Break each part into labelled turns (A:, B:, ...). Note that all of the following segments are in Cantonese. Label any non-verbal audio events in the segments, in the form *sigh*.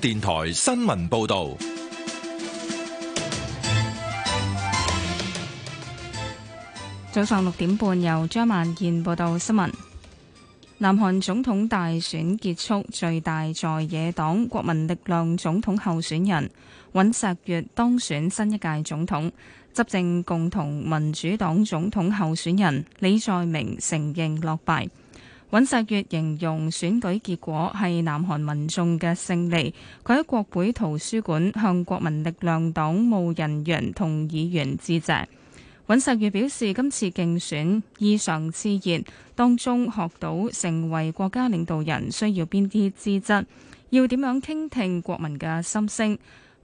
A: 電台新聞報道：
B: 早上六點半，由張萬健報道新聞。南韓總統大選結束，最大在野黨國民力量總統候選人尹錫悅當選新一屆總統，執政共同民主黨總統候選人李在明承認落敗。尹錫悅形容選舉結果係南韓民眾嘅勝利。佢喺國會圖書館向國民力量黨務人員同議員致謝。尹錫悅表示，今次競選異常熾熱，當中學到成為國家領導人需要邊啲資質，要點樣傾聽國民嘅心聲。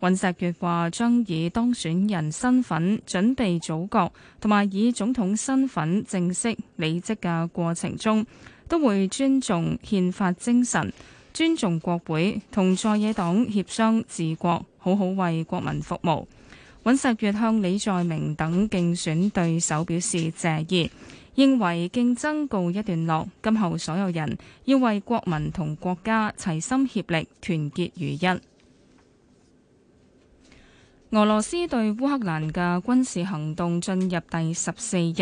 B: 尹錫悅話將以當選人身份準備組閣，同埋以總統身份正式履職嘅過程中，都會尊重憲法精神，尊重國會同在野黨協商治國，好好為國民服務。尹錫悅向李在明等競選對手表示謝意，認為競爭告一段落，今後所有人要為國民同國家齊心協力，團結如一。俄羅斯對烏克蘭嘅軍事行動進入第十四日。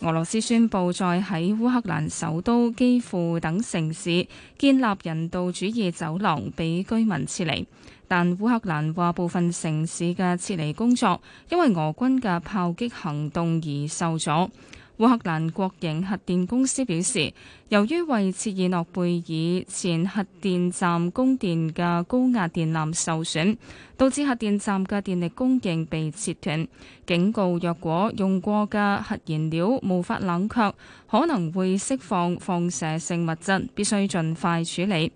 B: 俄羅斯宣布再喺烏克蘭首都基輔等城市建立人道主義走廊，俾居民撤離。但烏克蘭話部分城市嘅撤離工作因為俄軍嘅炮擊行動而受阻。烏克蘭國營核電公司表示，由於為切爾諾貝爾前核電站供電嘅高壓電纜受損，導致核電站嘅電力供應被切斷。警告：若果用過嘅核燃料無法冷卻，可能會釋放放射性物質，必須盡快處理。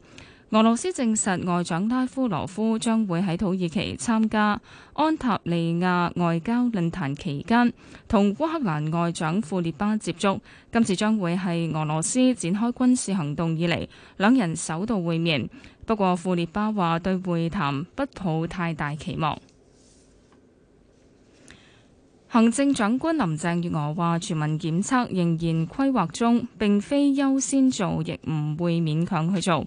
B: 俄羅斯證實外長拉夫羅夫將會喺土耳其參加安塔利亞外交論壇期間，同烏克蘭外長庫列巴接觸。今次將會係俄羅斯展開軍事行動以嚟，兩人首度會面。不過庫列巴話對會談不抱太大期望。行政長官林鄭月娥話：全民檢測仍然規劃中，並非優先做，亦唔會勉強去做。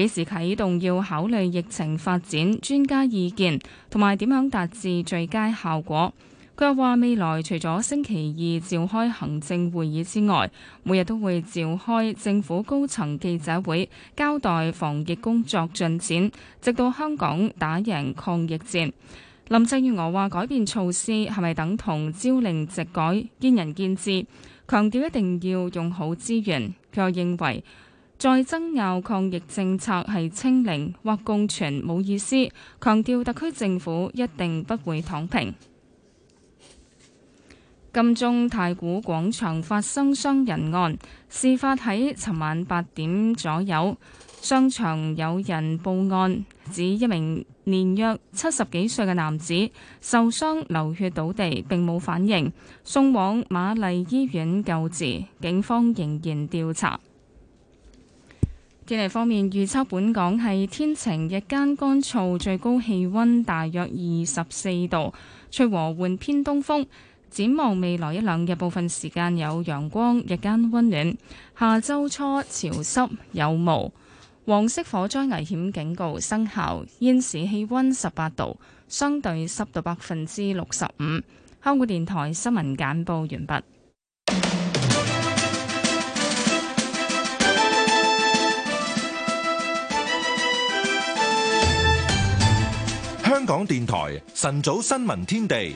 B: 幾時啟動要考慮疫情發展、專家意見同埋點樣達至最佳效果。佢又話：未來除咗星期二召開行政會議之外，每日都會召開政府高層記者會，交代防疫工作進展，直到香港打贏抗疫戰。林鄭月娥話：改變措施係咪等同朝令夕改？見仁見智。強調一定要用好資源。佢又認為，再爭拗抗疫政策係清零或共存冇意思，強調特區政府一定不會躺平。金鐘 *noise* 太古廣場發生傷人案，事發喺尋晚八點左右，商場有人報案，指一名年約七十幾歲嘅男子受傷流血倒地，並冇反應，送往瑪麗醫院救治，警方仍然調查。天氣方面，預測本港係天晴，日間乾燥，最高氣溫大約二十四度，吹和緩偏東風。展望未來一兩日，部分時間有陽光，日間溫暖。下周初潮濕有霧，黃色火災危險警告生效。現時氣溫十八度，相對濕度百分之六十五。香港電台新聞簡報完畢。
A: 香港電台晨早新聞天地，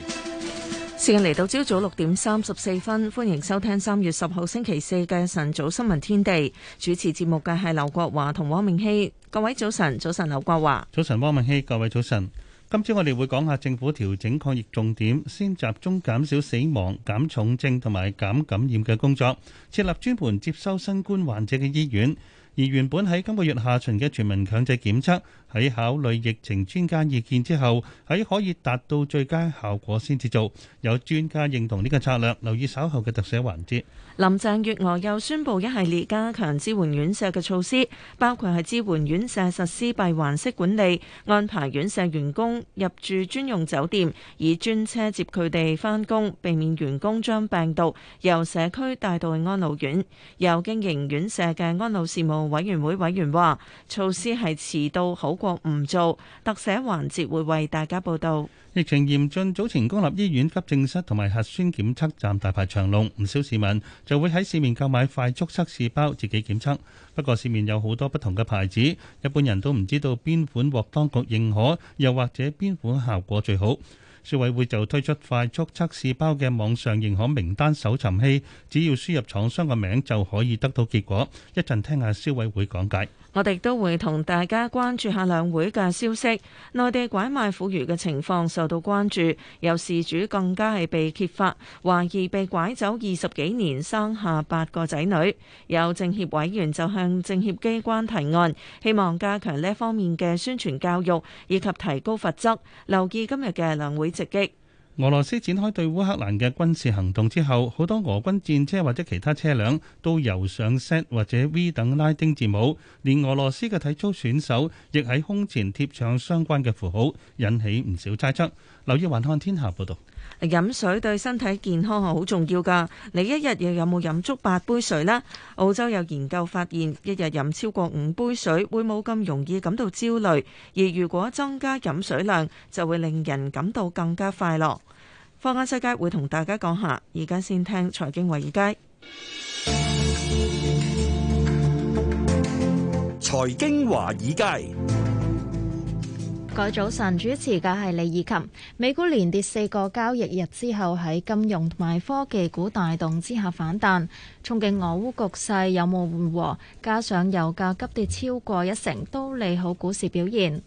C: 時間嚟到朝早六點三十四分，歡迎收聽三月十號星期四嘅晨早新聞天地。主持節目嘅係劉國
D: 華同汪明熙，各位早晨。早晨劉國華，早晨汪明熙，各位早晨。今朝我哋會講下政府調整抗疫重點，先集中減少死亡、減重症同埋減感染嘅工作，設立專門接收新冠患者嘅醫院，而原本喺今個月下旬嘅全民強制檢測，喺考慮疫情專家意見之後，喺可以達到最佳效果先至做。有專家認同呢個策略。留意稍後嘅特寫環節。
C: 林鄭月娥又宣布一系列加強支援院舍嘅措施，包括係支援院舍實施閉環式管理，安排院舍員工入住專用酒店，以專車接佢哋返工，避免員工將病毒由社區帶到去安老院。有經營院舍嘅安老事務委員會委員話，措施係遲到好。我唔做特寫環節會為大家
D: 報道。疫情嚴峻，早前公立醫院急症室同埋核酸檢測站大排長龍，唔少市民就會喺市面購買快速測試包自己檢測。不過市面有好多不同嘅牌子，一般人都唔知道邊款獲當局認可，又或者邊款效果最好。消委會就推出快速測試包嘅網上認可名單搜尋器，只要輸入廠商嘅名就可以得到結果。一陣聽下消委會講解。
C: 我哋都會同大家關注下兩會嘅消息。內地拐賣婦孺嘅情況受到關注，有事主更加係被揭發，懷疑被拐走二十幾年，生下八個仔女。有政協委員就向政協機關提案，希望加強呢方面嘅宣傳教育以及提高罰則。留意今日嘅兩會。直擊
D: 俄羅斯展開對烏克蘭嘅軍事行動之後，好多俄軍戰車或者其他車輛都油上 Z 或者 V 等拉丁字母，連俄羅斯嘅體操選手亦喺胸前貼上相關嘅符號，引起唔少猜測。留意環看天下報道。
C: 飲水對身體健康係好重要噶，你一日又有冇飲足八杯水呢？澳洲有研究發現，一日飲超過五杯水會冇咁容易感到焦慮，而如果增加飲水量，就會令人感到更加快樂。放眼世界，會同大家講下，而家先聽財經華爾街。
A: 財經華爾街。
E: 各位早晨，主持嘅係李以琴。美股連跌四個交易日之後，喺金融同埋科技股帶動之下反彈，衝擊俄烏局勢有冇緩和？加上油價急跌超過一成，都利好股市表現。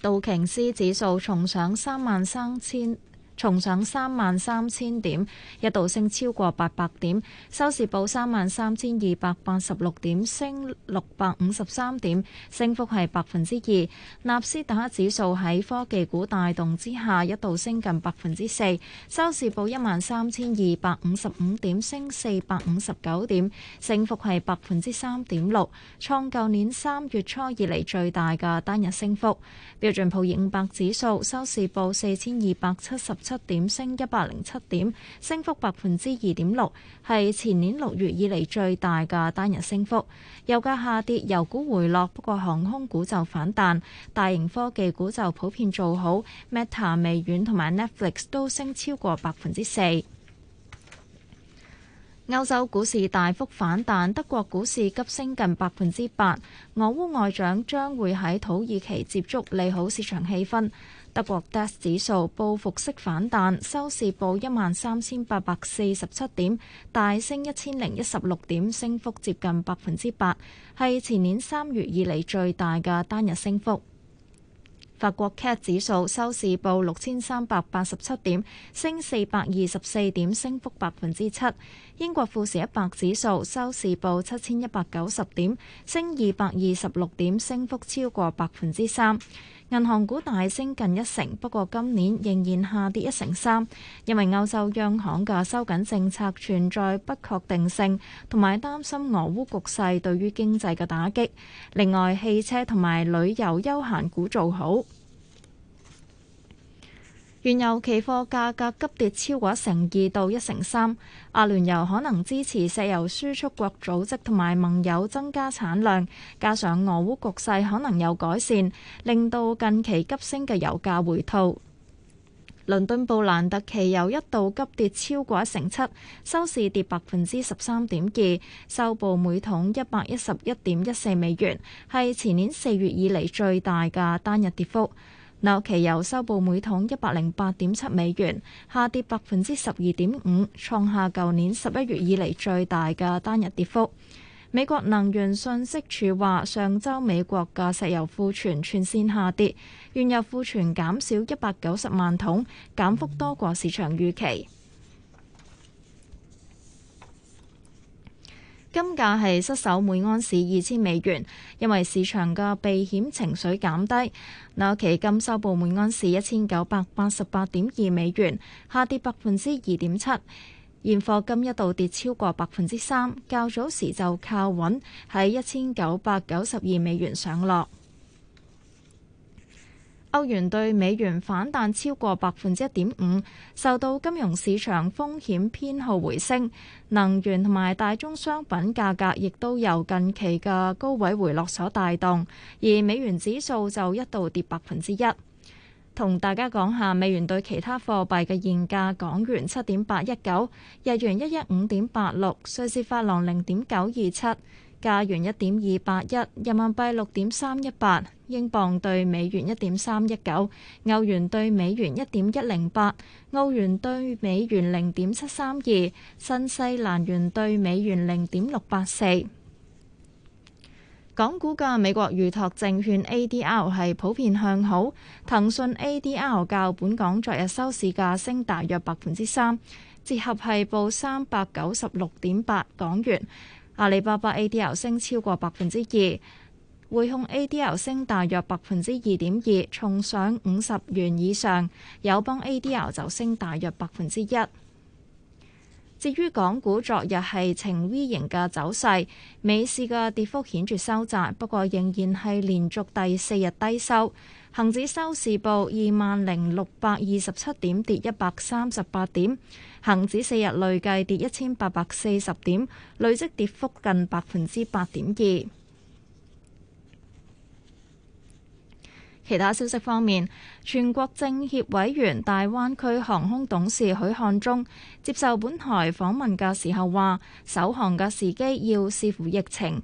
E: 道瓊斯指數重上三萬三千。重上三萬三千點，一度升超過八百點，收市報三萬三千二百八十六點，升六百五十三點，升幅係百分之二。納斯達克指數喺科技股帶動之下，一度升近百分之四，收市報一萬三千二百五十五點，升四百五十九點，升幅係百分之三點六，創舊年三月初以嚟最大嘅單日升幅。標準普爾五百指數收市報四千二百七十七。七點升一百零七點，升幅百分之二點六，係前年六月以嚟最大嘅單日升幅。油價下跌，油股回落，不過航空股就反彈，大型科技股就普遍做好。Meta、微軟同埋 Netflix 都升超過百分之四。歐洲股市大幅反彈，德國股市急升近百分之八。俄烏外長將會喺土耳其接觸，利好市場氣氛。德國 DAX 指數報復式反彈，收市報一萬三千八百四十七點，大升一千零一十六點，升幅接近百分之八，係前年三月以嚟最大嘅單日升幅。法國 CAC 指數收市報六千三百八十七點，升四百二十四點，升幅百分之七。英國富時一百指數收市報七千一百九十點，升二百二十六點，升幅超過百分之三。銀行股大升近一成，不過今年仍然下跌一成三，因為歐洲央行嘅收緊政策存在不確定性，同埋擔心俄烏局勢對於經濟嘅打擊。另外，汽車同埋旅遊休閒股做好。原油期貨價格急跌超過一成二到一成三，阿聯酋可能支持石油輸出國組織同埋盟友增加產量，加上俄烏局勢可能有改善，令到近期急升嘅油價回吐。倫敦布蘭特期油一度急跌超過一成七，收市跌百分之十三點二，收報每桶一百一十一點一四美元，係前年四月以嚟最大嘅單日跌幅。紐期油收報每桶一百零八點七美元，下跌百分之十二點五，創下舊年十一月以嚟最大嘅單日跌幅。美國能源信息署話，上周美國嘅石油庫存全線下跌，原油庫存減少一百九十萬桶，減幅多過市場預期。金價係失守每安士二千美元，因為市場嘅避險情緒減低。紐期金收報每安士一千九百八十八點二美元，下跌百分之二點七。現貨金一度跌超過百分之三，較早時就靠穩喺一千九百九十二美元上落。歐元對美元反彈超過百分之一點五，受到金融市場風險偏好回升、能源同埋大宗商品價格亦都由近期嘅高位回落所帶動，而美元指數就一度跌百分之一。同大家講下美元對其他貨幣嘅現價：港元七點八一九，日元一一五點八六，瑞士法郎零點九二七。價元一點二八一，人民幣六點三一八，英鎊兌美元一點三一九，歐元兌美元一點一零八，澳元兌美元零點七三二，新西蘭元兌美元零點六八四。港股嘅美國預託證券 ADR 係普遍向好，騰訊 ADR 較本港昨日收市價升大約百分之三，折合係報三百九十六點八港元。阿里巴巴 ADR 升超過百分之二，匯控 ADR 升大約百分之二點二，重上五十元以上。友邦 ADR 就升大約百分之一。至於港股，昨日係呈 V 型嘅走勢，美市嘅跌幅顯著收窄，不過仍然係連續第四日低收。恒指收市報二萬零六百二十七點，跌一百三十八點。恒指四日累計跌一千八百四十點，累積跌幅近百分之八點二。其他消息方面，全國政協委員大灣區航空董事許漢忠接受本台訪問嘅時候話：首航嘅時機要視乎疫情。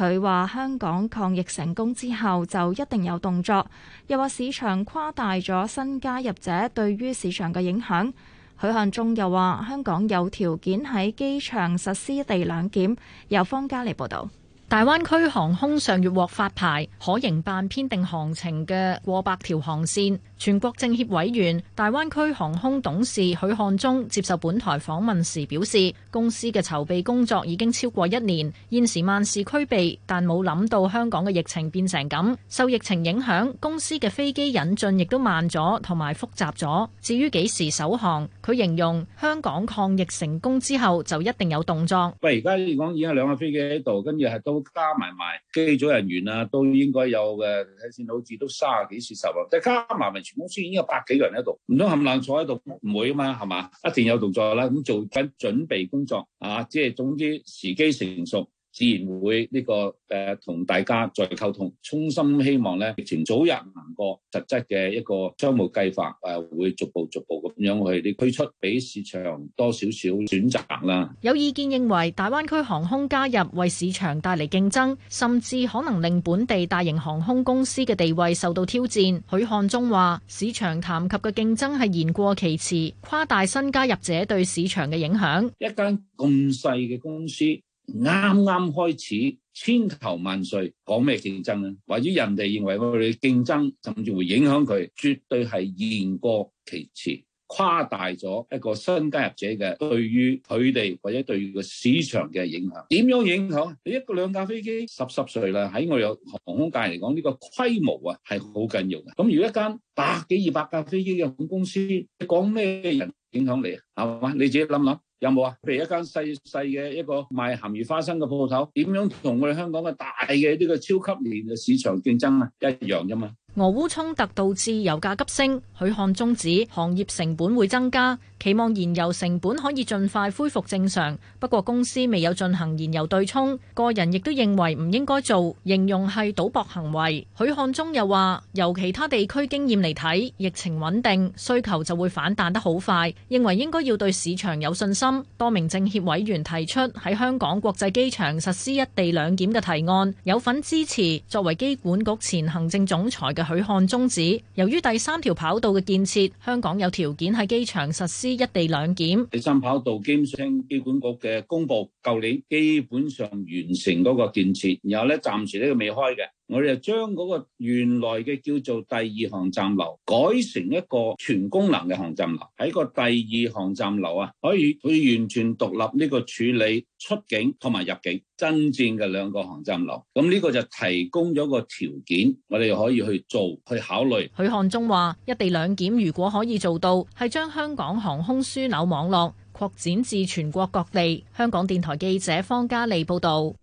E: 佢話香港抗疫成功之後就一定有動作，又話市場誇大咗新加入者對於市場嘅影響。許漢忠又話香港有條件喺機場實施地兩檢。由方家莉報導，大灣區航空上月
F: 獲發牌，可營辦編定航程嘅過百條航線。全國政協委員、大灣區航空董事許漢忠接受本台訪問時表示，公司嘅籌備工作已經超過一年，現時萬事俱備，但冇諗到香港嘅疫情變成咁。受疫情影響，公司嘅飛機引進亦都慢咗同埋複雜咗。至於幾時首航，佢形容香港抗疫成功之後就一定有動作。
G: 喂，而家講已經有兩個飛機喺度，跟住係都加埋埋機組人員呀，都應該有嘅。睇先好似都卅幾四十啊，即加埋咪。公司已經有百幾個人喺度，唔通冚 𠰤 坐喺度？唔會啊嘛，係嘛？一定有動作啦，咁做緊準備工作啊，即係總之時機成熟。自然會呢個誒同大家再溝通，衷心希望咧疫情早日行過，實質嘅一個商務計劃誒會逐步逐步咁樣去啲推出，俾市場多少少選擇啦。
F: 有意見認為大灣區航空加入為市場帶嚟競爭，甚至可能令本地大型航空公司嘅地位受到挑戰。許漢忠話：市場談及嘅競爭係言過其詞，誇大新加入者對市場嘅影響。一間
G: 咁細嘅公司。啱啱開始，千頭萬緒，講咩競爭咧？或者人哋認為我哋競爭，甚至會影響佢，絕對係言過其詞，誇大咗一個新加入者嘅對於佢哋或者對個市場嘅影響。點樣影響？你一個兩架飛機，十十歲啦，喺我有航空界嚟講，呢個規模啊係好緊要嘅。咁如果一間百幾二百架飛機嘅公司，你講咩人影響你啊？係嘛？你自己諗諗。有冇啊？譬如一間細細嘅一個賣鹹魚花生嘅鋪頭，點樣同我哋香港嘅大嘅呢個超級年嘅市場競爭啊？一樣啫嘛。
F: 俄烏衝突導致油價急升，許漢忠指行業成本會增加。期望燃油成本可以盡快恢復正常，不過公司未有進行燃油對沖。個人亦都認為唔應該做，形容係賭博行為。許漢忠又話：由其他地區經驗嚟睇，疫情穩定，需求就會反彈得好快。認為應該要對市場有信心。多名政協委員提出喺香港國際機場實施一地兩檢嘅提案，有份支持。作為機管局前行政總裁嘅許漢忠指，由於第三條跑道嘅建設，香港有條件喺機場實施。一地兩檢，第
G: 三跑道基本上，機管局嘅公布舊年基本上完成嗰個建設，然後咧暫時呢個未開嘅。我哋就將嗰個原來嘅叫做第二航站樓改成一個全功能嘅航站樓，喺個第二航站樓啊，可以佢完全獨立呢個處理出境同埋入境真正嘅兩個航站樓。咁呢個就提供咗一個條件，我哋可以去做去考慮。
F: 許漢忠話：一地兩檢如果可以做到，係將香港航空樞紐網絡擴展至全國各地。
E: 香港電台記者方嘉莉報導。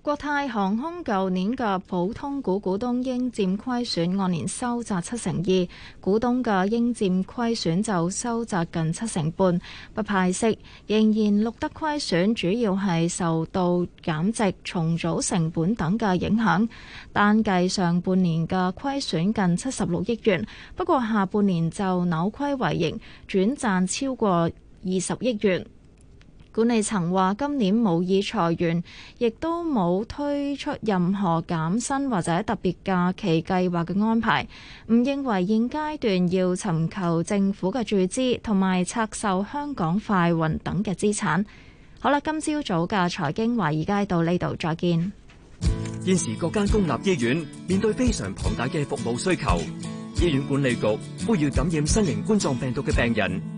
E: 國泰航空舊年嘅普通股股東應佔虧損按年收窄七成二，股東嘅應佔虧損就收窄近七成半，不派息，仍然錄得虧損，主要係受到減值、重組成本等嘅影響。單計上半年嘅虧損近七十六億元，不過下半年就扭虧為盈，轉賺超過二十億元。管理層話今年冇意裁員，亦都冇推出任何減薪或者特別假期計劃嘅安排。唔認為現階段要尋求政府嘅注資同埋拆售香港快運等嘅資產。好啦，今朝早嘅財經華爾街到呢度再見。
H: 現時各間公立醫院面對非常龐大嘅服務需求，醫院管理局呼籲感染新型冠狀病毒嘅病人。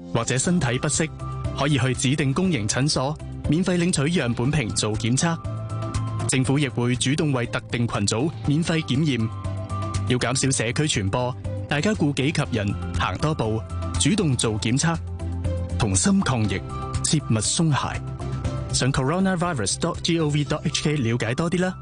I: 或者身體不適，可以去指定公營診所免費領取樣本瓶做檢測。政府亦會主動為特定群組免費檢驗。要減少社區傳播，大家顧己及人，行多步，主動做檢測，同心抗疫，切勿鬆懈。上 coronavirus.gov.hk 了解多啲啦。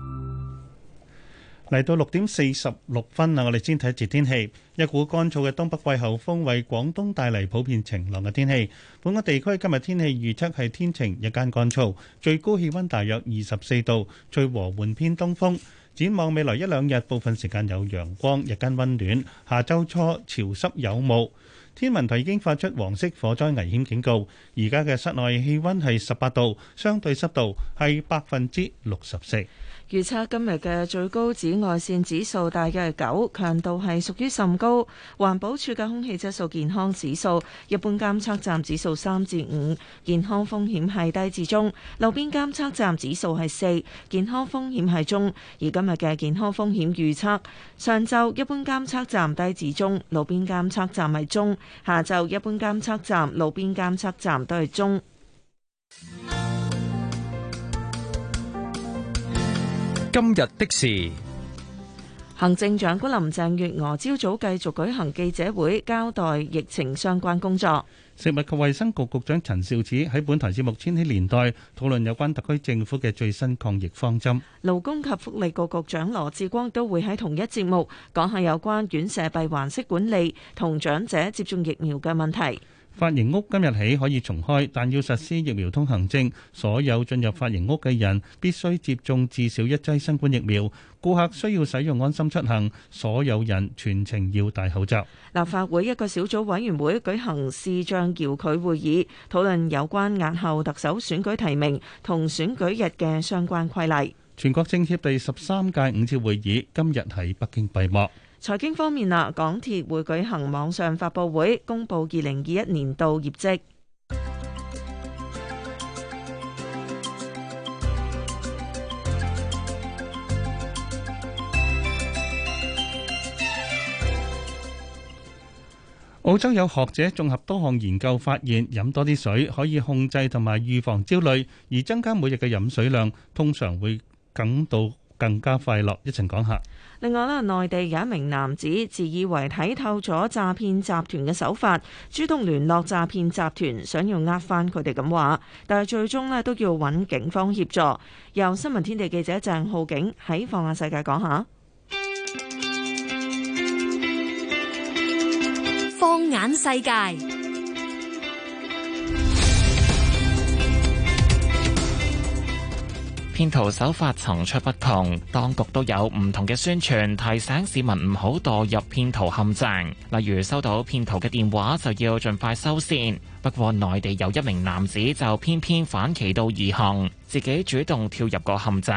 D: 嚟到六點四十六分啊！我哋先睇一節天氣。一股乾燥嘅東北季候風為廣東帶嚟普遍晴朗嘅天氣。本港地區今日天氣預測係天晴，日間乾燥，最高氣温大約二十四度，吹和緩偏東風。展望未來一兩日，部分時間有陽光，日間温暖。下周初潮濕有霧。天文台已經發出黃色火災危險警告。而家嘅室內氣温係十八度，相對濕度係百分之六十四。
C: 預測今日嘅最高紫外線指數大約係九，強度係屬於甚高。環保署嘅空氣質素健康指數，一般監測站指數三至五，健康風險係低至中；路邊監測站指數係四，健康風險係中。而今日嘅健康風險預測，上晝一般監測站低至中，路邊監測站係中；下晝一般監測站、路邊監測站都係中。
H: 今日的事，
C: 行政長官林鄭月娥朝早繼續舉行記者會，交代
D: 疫情相關工作。食物及衛生局局長陳肇始喺本台節目《千禧年代》討論有關特區政府嘅最新抗疫方針。
C: 勞工及福利局局長羅志光都會喺同一節目講下有關院舍閉環式管理同長者接
D: 種疫苗嘅問題。髮型屋今日起可以重開，但要實施疫苗通行證，所有進入髮型屋嘅人必須接種至少一劑新冠疫苗。顧客需要使用安心出行，所有人全程要戴口罩。
C: 立法會一個小組委員會舉行視像遙距會議，討論有關押後特首選舉提名同選舉日嘅相關規例。
D: 全國政協第十三屆五次會議今日喺北京閉幕。
C: 財經方面啦，港鐵會舉行網上發佈會，公布二零二一年度業績。
D: 澳洲有學者綜合多項研究發現，飲多啲水可以控制同埋預防焦慮，而增加每日嘅飲水量，通常會感到更加快樂。一齊講
J: 下。
C: 另外呢，內地有一名男子自以為睇透咗詐騙集團嘅手法，主動聯絡詐騙集團，想要呃翻佢哋咁話，但係最終呢都要揾警方協助。由新聞天地記者鄭浩景喺《放眼世界》講下，
K: 《放眼世界》。
L: 騙徒手法層出不窮，當局都有唔同嘅宣傳提醒市民唔好墮入騙徒陷阱。例如收到騙徒嘅電話，就要盡快收線。不過，內地有一名男子就偏偏反其道而行，自己主動跳入個陷阱。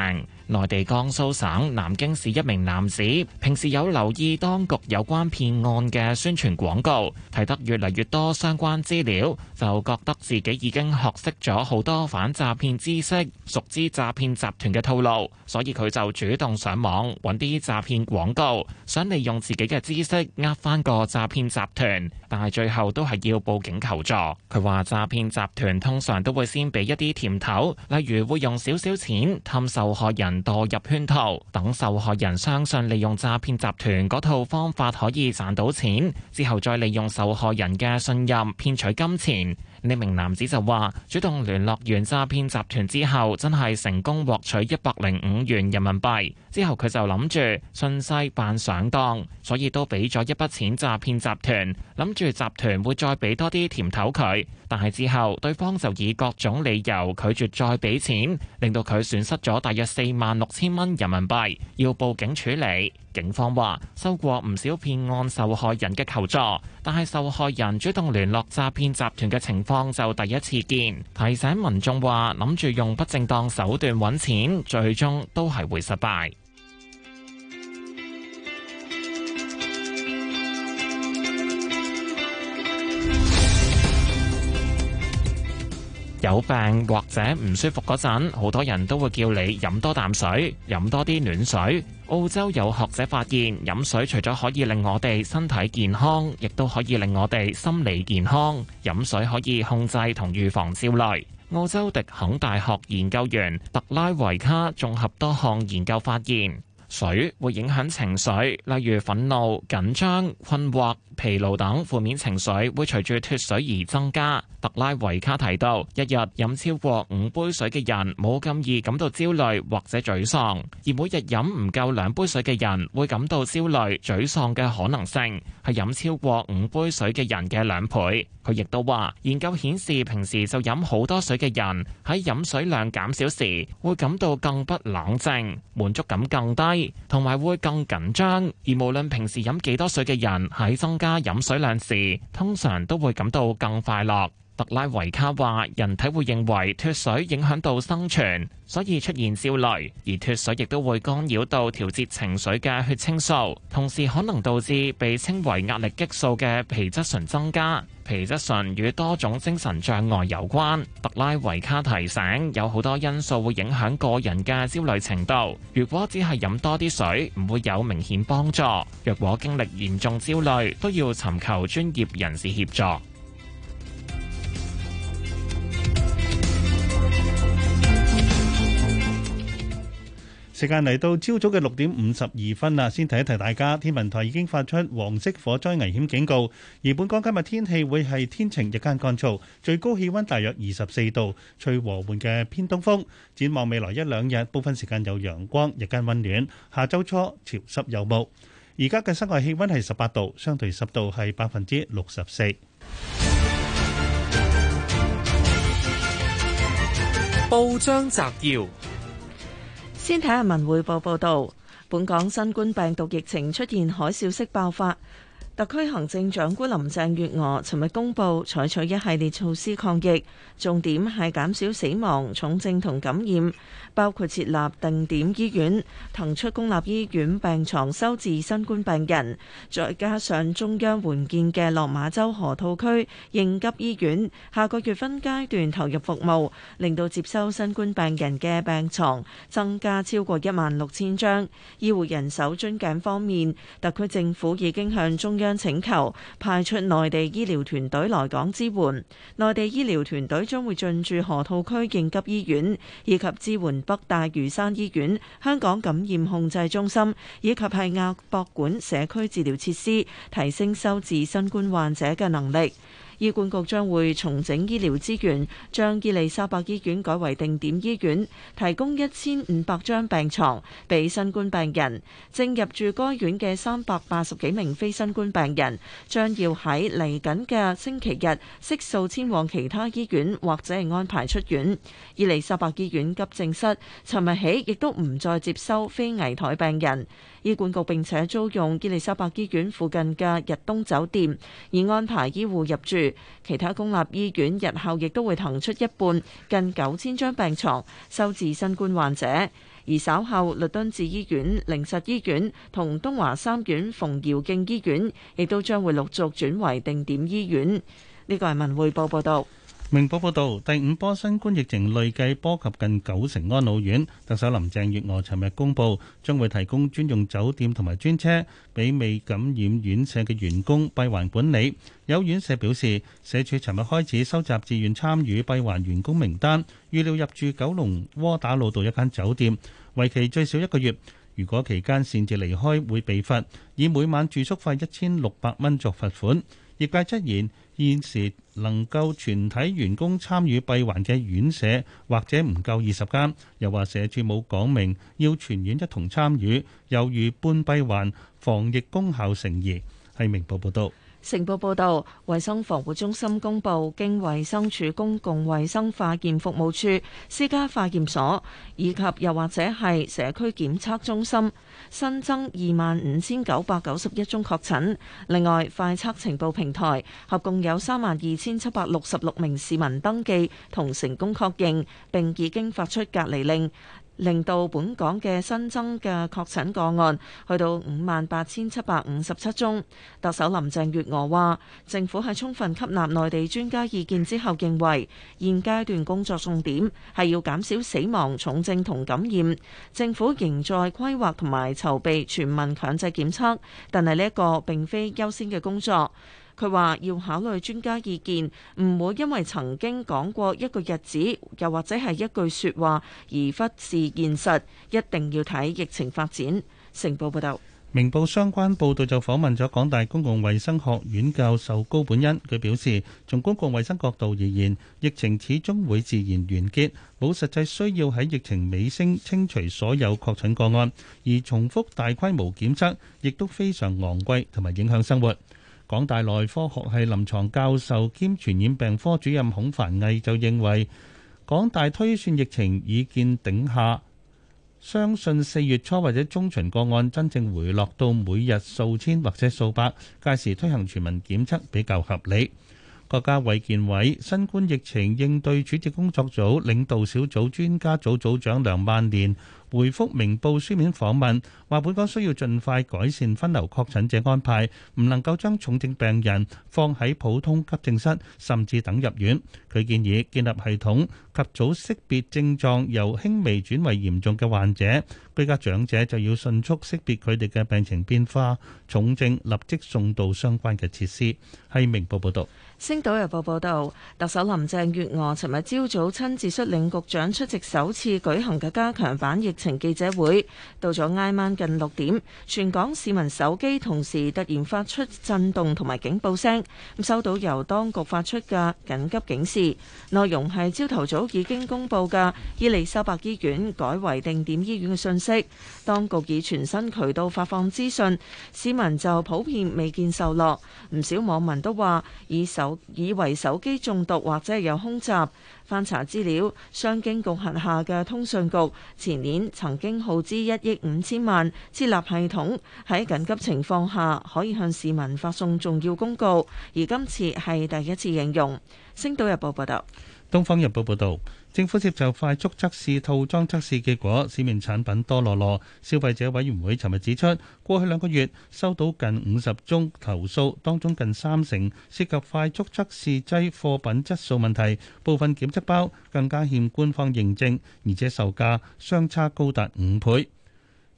L: 內地江蘇省南京市一名男子，平時有留意當局有關騙案嘅宣傳廣告，睇得越嚟越多相關資料，就覺得自己已經學識咗好多反詐騙知識，熟知詐騙集團嘅套路，所以佢就主動上網揾啲詐騙廣告，想利用自己嘅知識呃翻個詐騙集團，但係最後都係要報警求助。佢話詐騙集團通常都會先俾一啲甜頭，例如會用少少錢氹受害人。墮入圈套，等受害人相信利用詐騙集團嗰套方法可以賺到錢，之後再利用受害人嘅信任騙取金錢。呢名男子就話主動聯絡完詐騙集團之後，真係成功獲取一百零五元人民幣。之後佢就諗住順勢扮上當，所以都俾咗一筆錢詐騙集團，諗住集團會再俾多啲甜頭佢。但係之後對方就以各種理由拒絕再俾錢，令到佢損失咗大約四萬六千蚊人民幣，要報警處理。警方話收過唔少騙案受害人嘅求助，但係受害人主動聯絡詐騙集團嘅情況就第一次見。提醒民眾話，諗住用不正當手段搵錢，最終都係會失敗。有病或者唔舒服嗰陣，好多人都會叫你飲多啖水，飲多啲暖水。澳洲有學者發現，飲水除咗可以令我哋身體健康，亦都可以令我哋心理健康。飲水可以控制同預防焦慮。澳洲迪肯大學研究員特拉維卡綜合多項研究發現。水會影響情緒，例如憤怒、緊張、困惑、疲勞等負面情緒會隨住脫水而增加。特拉維卡提到，一日飲超過五杯水嘅人冇咁易感到焦慮或者沮喪，而每日飲唔夠兩杯水嘅人會感到焦慮、沮喪嘅可能性係飲超過五杯水嘅人嘅兩倍。佢亦都話，研究顯示平時就飲好多水嘅人喺飲水量減少時會感到更不冷靜、滿足感更低。同埋會更緊張，而無論平時飲幾多水嘅人喺增加飲水量時，通常都會感到更快樂。特拉維卡話：人體會認為脫水影響到生存，所以出現焦慮；而脫水亦都會干擾到調節情緒嘅血清素，同時可能導致被稱為壓力激素嘅皮質醇增加。皮質醇與多種精神障礙有關。特拉維卡提醒，有好多因素會影響個人嘅焦慮程度。如果只係飲多啲水，唔會有明顯幫助。若果經歷嚴重焦慮，都要尋求專業人士協助。
D: 時間嚟到朝早嘅六點五十二分啦，先提一提大家，天文台已經發出黃色火災危險警告，而本港今日天氣會係天晴，日間乾燥，最高氣溫大約二十四度，吹和緩嘅偏東風。展望未來一兩日，部分時間有陽光，日間溫暖。下周初潮濕有霧。而家嘅室外氣溫係十八度，相對濕度係百分之六十四。
M: 報章摘要。
C: 先睇下文匯報報道，本港新冠病毒疫情出現海嘯式爆發。特區行政長官林鄭月娥尋日公布採取一系列措施抗疫，重點係減少死亡、重症同感染，包括設立定點醫院，騰出公立醫院病床收治新冠病人，再加上中央援建嘅落馬洲河套區應急醫院，下個月分階段投入服務，令到接收新冠病人嘅病床增加超過一萬六千張。醫護人手樽頸方面，特區政府已經向中央請求派出內地醫療團隊來港支援，內地醫療團隊將會進駐河套區應急醫院，以及支援北大嶼山醫院、香港感染控制中心以及係亞博館社區治療設施，提升收治新冠患者嘅能力。醫管局將會重整醫療資源，將伊利沙伯醫院改為定點醫院，提供一千五百張病床俾新冠病人。正入住該院嘅三百八十幾名非新冠病人，將要喺嚟緊嘅星期日悉數遷往其他醫院，或者係安排出院。伊利沙伯醫院急症室尋日起亦都唔再接收非危殆病人。醫管局並且租用伊利沙伯醫院附近嘅日東酒店，以安排醫護入住。其他公立醫院日後亦都會騰出一半近九千張病床收治新冠患者。而稍後，律敦治醫院、靈實醫院同東華三院馮堯敬醫院亦都將會陸續轉為定點醫院。呢個係文匯報報道。
D: 明報報導，第五波新冠疫情累計波及近九成安老院。特首林鄭月娥尋日公布，將會提供專用酒店同埋專車，俾未感染院舍嘅員工閉環管理。有院舍表示，社署尋日開始收集志願參與閉環員工名單，預料入住九龍窩打老道一間酒店，為期最少一個月。如果期間擅自離開，會被罰，以每晚住宿費一千六百蚊作罰款。業界質疑。現時能夠全體員工參與閉環嘅院舍，或者唔夠二十間。又話社署冇講明要全院一同參與，猶如半閉環防疫功效成疑。係明報報道。
C: 成報報導，衞生防護中心公布，經衛生署公共衞生化驗服務處私家化驗所以及又或者係社區檢測中心新增二萬五千九百九十一宗確診。另外，快測情報平台合共有三萬二千七百六十六名市民登記同成功確認，並已經發出隔離令。令到本港嘅新增嘅確診個案去到五萬八千七百五十七宗。特首林鄭月娥話：政府喺充分吸納內地專家意見之後，認為現階段工作重點係要減少死亡、重症同感染。政府仍在規劃同埋籌備全民強制檢測，但係呢一個並非優先嘅工作。佢話：要考慮專家意見，唔會因為曾經講過一個日子，又或者係一句説話而忽視現實。一定要睇疫情發展。成報報導，
D: 明報相關報道就訪問咗港大公共衛生學院教授高本恩，佢表示，從公共衛生角度而言，疫情始終會自然完結，冇實際需要喺疫情尾聲清除所有確診個案，而重複大規模檢測亦都非常昂貴，同埋影響生活。港大內科學系臨床教授兼傳染病科主任孔凡毅就認為，港大推算疫情已見頂下，相信四月初或者中旬個案真正回落到每日數千或者數百，屆時推行全民檢測比較合理。國家衛健委新冠疫情應對處置工作組領導小組專家組組長梁萬年回覆明報書面訪問，話本港需要盡快改善分流確診者安排，唔能夠將重症病人放喺普通急症室，甚至等入院。佢建議建立系統及早識別症狀由輕微轉為嚴重嘅患者，居家長者就要迅速識別佢哋嘅病情變化，重症立即送到相關嘅設施。係明報報道。
C: 星島日報報導，特首林鄭月娥尋日朝早親自率領局長出席首次舉行嘅加強版疫情記者會。到咗挨晚近六點，全港市民手機同時突然發出震動同埋警報聲，收到由當局發出嘅緊急警示，內容係朝頭早已經公布嘅伊利沙伯醫院改為定點醫院嘅訊息。當局以全新渠道發放資訊，市民就普遍未見受落，唔少網民都話以手。以為手機中毒或者有空襲，翻查資料。商經局轄下嘅通訊局，前年曾經耗資一億五千萬設立系統，喺緊急情況下可以向市民發送重要公告。而今次係第一次應用。星島日報報道，
D: 東方日報報道。政府接受快速測試套裝測試結果，市面產品多籮籮。消費者委員會尋日指出，過去兩個月收到近五十宗投訴，當中近三成涉及快速測試劑貨品質素問題，部分檢測包更加欠官方認證，而且售價相差高達五倍。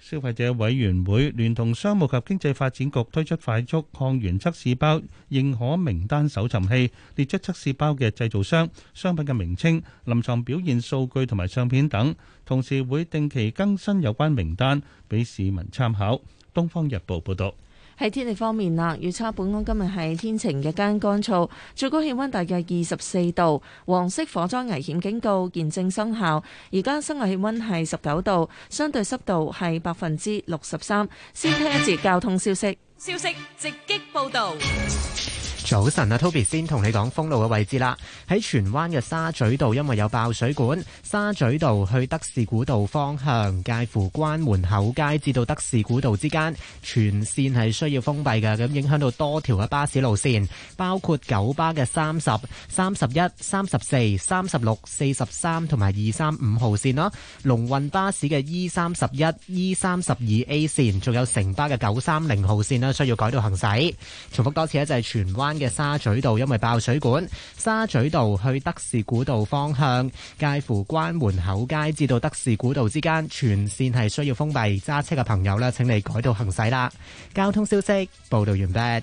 D: 消費者委員會聯同商務及經濟發展局推出快速抗原測試包認可名單搜尋器，列出測試包嘅製造商、商品嘅名稱、臨床表現數據同埋相片等，同時會定期更新有關名單畀市民參考。《東方日報》報道。
C: 喺天氣方面啦，預測本港今日係天晴日間乾燥，最高氣溫大約二十四度。黃色火災危險警告現正生效。而家室外氣溫係十九度，相對濕度係百分之六十三。先聽一節交通消息，
F: 消息直擊報道。
I: 早晨啊，Toby 先同你講封路嘅位置啦。喺荃灣嘅沙咀道，因為有爆水管，沙咀道去德士古道方向，介乎關門口街至到德士古道之間，全綫係需要封閉嘅，咁影響到多條嘅巴士路綫，包括九巴嘅三十、三十一、三十四、三十六、四十三同埋二三五號綫咯。龍運巴士嘅 E 三十一、E 三十二 A 綫，仲有城巴嘅九三零號綫啦，需要改道行駛。重複多次咧，就係荃灣嘅沙咀道因為爆水管，沙咀道去德士古道方向，介乎關門口街至到德士古道之間全綫係需要封閉，揸車嘅朋友咧，請你改道行駛啦。交通消息報道完畢。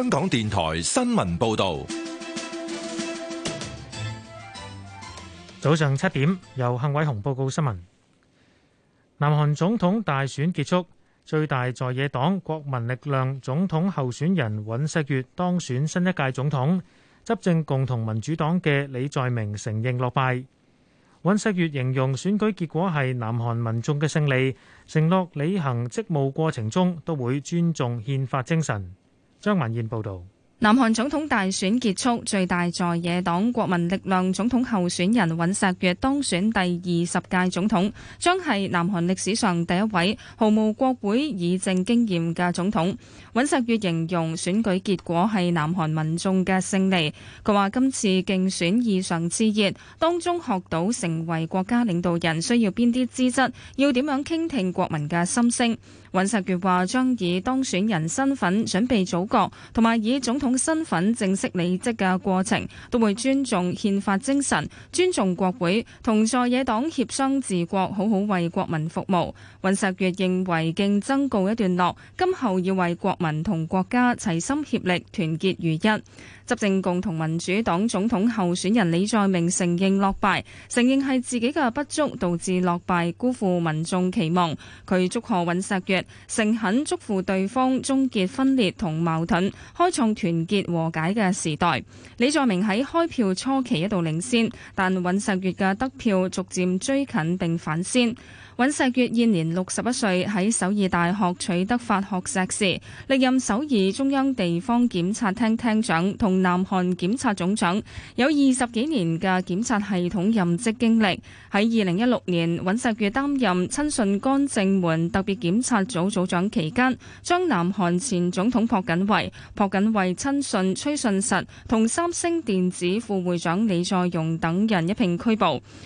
A: 香港電台新聞報道，
J: 早上七點由幸偉雄報告新聞。南韓總統大選結束，最大在野黨國民力量總統候選人尹錫悅當選新一屆總統，執政共同民主黨嘅李在明承認落敗。尹錫悅形容選舉結果係南韓民眾嘅勝利，承諾履行職務過程中都會尊重憲法精神。張文燕報道。
B: 南韓總統大選結束，最大在野黨國民力量總統候選人尹錫悅當選第二十屆總統，將係南韓歷史上第一位毫無國會議政經驗嘅總統。尹錫悅形容選舉結果係南韓民眾嘅勝利。佢話今次競選異常熾熱，當中學到成為國家領導人需要邊啲資質，要點樣傾聽國民嘅心聲。尹錫悅話將以當選人身份準備組閣，同埋以總統身份正式履職嘅過程都會尊重憲法精神，尊重國會同在野黨協商治國，好好為國民服務。尹錫悅認為競爭告一段落，今後要為國民同國家齊心協力，團結如一。執政共同民主黨總統候選人李在明承認落敗，承認係自己嘅不足導致落敗，辜負民眾期望。佢祝賀尹錫悅，誠懇祝福對方終結分裂同矛盾，開創團結和解嘅時代。李在明喺開票初期一度領先，但尹錫悅嘅得票逐漸追近並反先。尹錫悅現年六十一歲，喺首爾大學取得法學碩士，歷任首爾中央地方檢察廳廳長同南韓檢察總長，有二十幾年嘅檢察系統任職經歷。喺二零一六年，尹錫悅擔任親信干政門特別檢察組組長期間，將南韓前總統朴槿惠、朴槿惠親信崔順實同三星電子副會長李在鎔等人一並拘捕。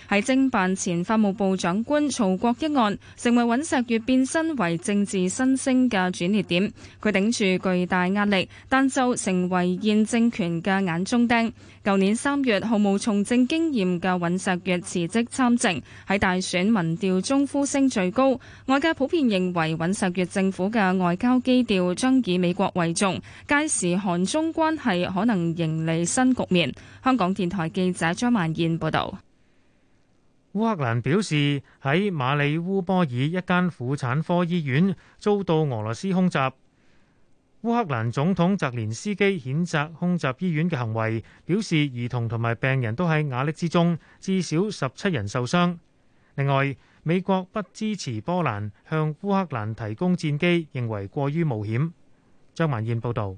B: 喺偵辦前法務部長官曹國一案成為尹錫悅變身為政治新星嘅轉捩點。佢頂住巨大壓力，但就成為現政權嘅眼中釘。舊年三月，毫無從政經驗嘅尹錫悅辭職參政，喺大選民調中呼聲最高。外界普遍認為尹錫悅政府嘅外交基調將以美國為重，屆時韓中關係可能迎嚟新局面。香港電台記者張曼燕報道。
J: 烏克蘭表示喺馬里烏波爾一間婦產科醫院遭到俄羅斯空襲。烏克蘭總統澤連斯基譴責空襲醫院嘅行為，表示兒童同埋病人都喺瓦礫之中，至少十七人受傷。另外，美國不支持波蘭向烏克蘭提供戰機，認為過於冒險。張萬燕報道。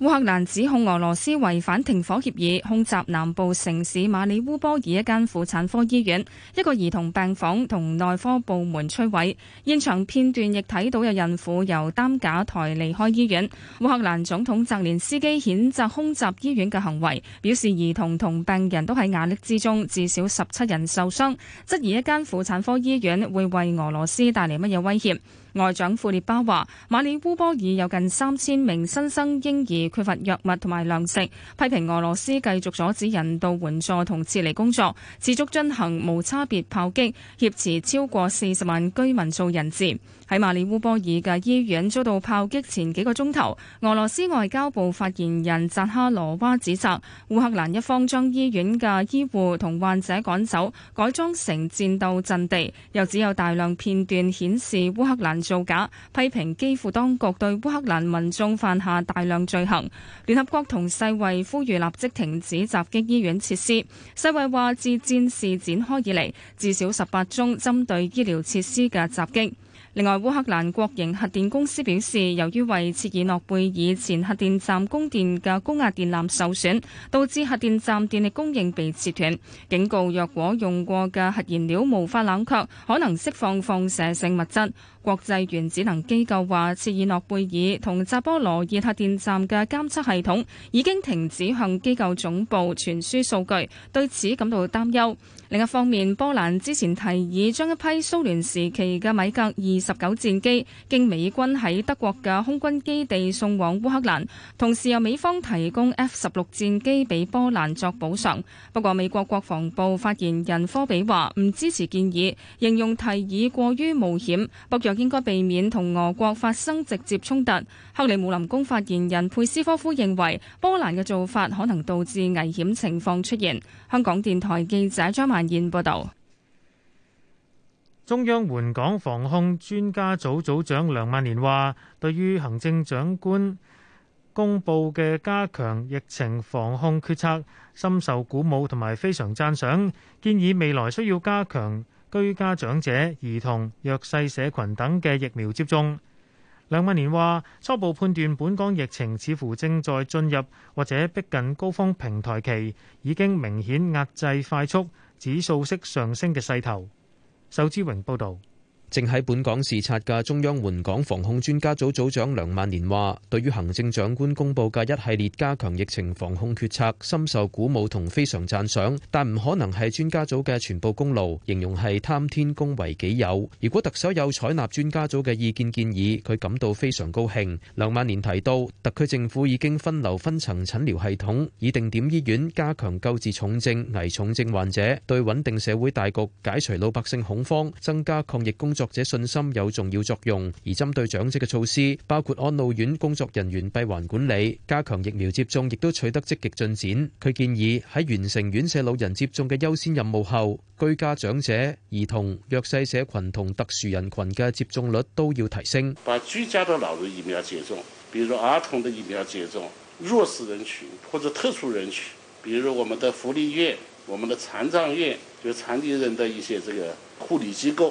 B: 烏克蘭指控俄羅斯違反停火協議，空襲南部城市馬里烏波爾一間婦產科醫院，一個兒童病房同內科部門摧毀。現場片段亦睇到有孕婦由擔架抬離開醫院。烏克蘭總統澤連斯基譴責空襲醫院嘅行為，表示兒童同病人都喺壓力之中，至少十七人受傷，質疑一間婦產科醫院會為俄羅斯帶嚟乜嘢威脅。外長庫列巴話馬里烏波爾有近三千名新生嬰兒缺乏藥物同埋糧食，批評俄羅斯繼續阻止人道援助同撤離工作，持續進行無差別炮擊，挾持超過四十萬居民做人質。喺馬里烏波爾嘅醫院遭到炮擊前幾個鐘頭，俄羅斯外交部發言人扎哈羅娃指責烏克蘭一方將醫院嘅醫護同患者趕走，改裝成戰鬥陣地。又只有大量片段顯示烏克蘭。造假，批評基輔當局對烏克蘭民眾犯下大量罪行。聯合國同世衛呼籲立即停止襲擊醫院設施。世衛話自戰事展開以嚟，至少十八宗針對醫療設施嘅襲擊。另外，烏克蘭國營核電公司表示，由於為切爾諾貝爾前核電站供電嘅高壓電纜受損，導致核電站電力供應被切斷。警告：若果用過嘅核燃料無法冷卻，可能釋放放射性物質。國際原子能機構話，切爾諾貝爾同扎波羅熱核電站嘅監測系統已經停止向機構總部傳輸數據，對此感到擔憂。另一方面，波蘭之前提議將一批蘇聯時期嘅米格二十九戰機經美軍喺德國嘅空軍基地送往烏克蘭，同時由美方提供 F 十六戰機俾波蘭作補償。不過，美國國防部發言人科比話唔支持建議，形容提議過於冒險，北約應該避免同俄國發生直接衝突。克里姆林宮發言人佩斯科夫認為，波蘭嘅做法可能導致危險情況出現。香港電台記者張曼燕報道。
J: 中央援港防控專家組組長梁萬年話：對於行政長官公布嘅加強疫情防控決策，深受鼓舞同埋非常讚賞。建議未來需要加強居家長者、兒童、弱勢社群等嘅疫苗接種。梁萬年話初步判斷，本港疫情似乎正在進入或者逼近高峰平台期，已經明顯壓制快速指數式上升嘅勢頭。仇志榮報導。
H: 正喺本港視察嘅中央援港防控專家組組長梁萬年話，對於行政長官公布嘅一系列加強疫情防控決策，深受鼓舞同非常讚賞，但唔可能係專家組嘅全部功勞，形容係貪天功為己有。如果特首有採納專家組嘅意見建議，佢感到非常高興。梁萬年提到，特區政府已經分流分層診療系統，以定點醫院加強救治重症、危重症患者，對穩定社會大局、解除老百姓恐慌、增加抗疫工作。作者信心有重要作用，而針對長者嘅措施，包括安老院工作人員閉環管理、加強疫苗接種，亦都取得積極進展。佢建議喺完成院舍老人接種嘅優先任務後，居家長者、兒童、弱勢社羣同特殊人群嘅接種率都要提升。
N: 把居家的老人疫苗接種，比如兒童的疫苗接種、弱勢人群或者特殊人群，比如我們的福利院、我們的殘障院，就是、殘疾人的一些這個護理機構。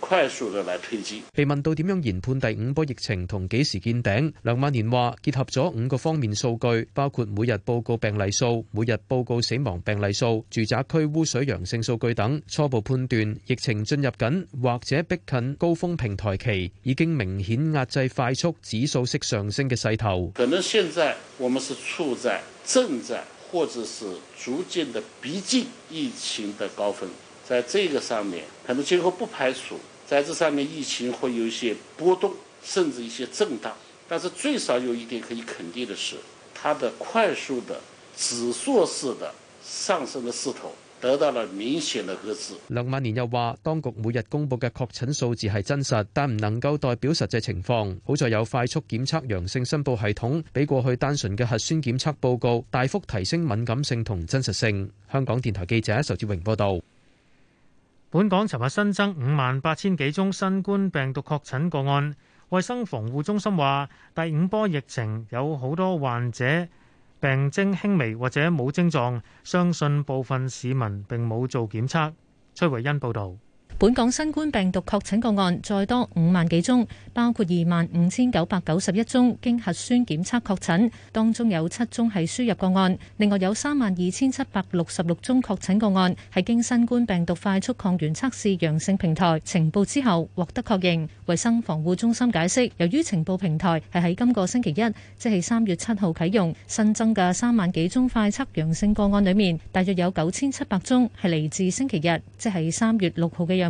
N: 快速的來推進。
H: 被問到點樣研判第五波疫情同幾時見頂，梁萬年話結合咗五個方面數據，包括每日報告病例數、每日報告死亡病例數、住宅區污水陽性數據等，初步判斷疫情進入緊或者逼近高峰平台期，已經明顯壓制快速指數式上升嘅勢頭。可
N: 能現在我們是處在正在或者是逐漸的逼近疫情的高峰，在這個上面，可能之後不排除。在這上面疫情會有一些波動，甚至一些震盪，但是最少有一點可以肯定的是，它的快速的指數式的上升的勢頭得到了明顯的遏制。
H: 梁萬年又話，當局每日公布嘅確診數字係真實，但唔能夠代表實際情況。好在有快速檢測陽性申報系統，比過去單純嘅核酸檢測報告大幅提升敏感性同真實性。香港電台記者仇志榮報道。本港尋日新增五萬
J: 八千幾宗新冠病毒確診個案。衛生防護中心話，第五波疫情有好多患者病徵輕微或者冇症狀，相信部分市民並冇做檢測。崔慧恩報導。
K: 本港新冠病毒確診個案再多五萬幾宗，包括二萬五千九百九十一宗經核酸檢測確診，當中有七宗係輸入個案，另外有三萬二千七百六十六宗確診個案係經新冠病毒快速抗原測試陽性平台情報之後獲得確認。衛生防護中心解釋，由於情報平台係喺今個星期一，即係三月七號啟用，新增嘅三萬幾宗快測陽性個案裏面，大約有九千七百宗係嚟自星期日，即係三月六號嘅日。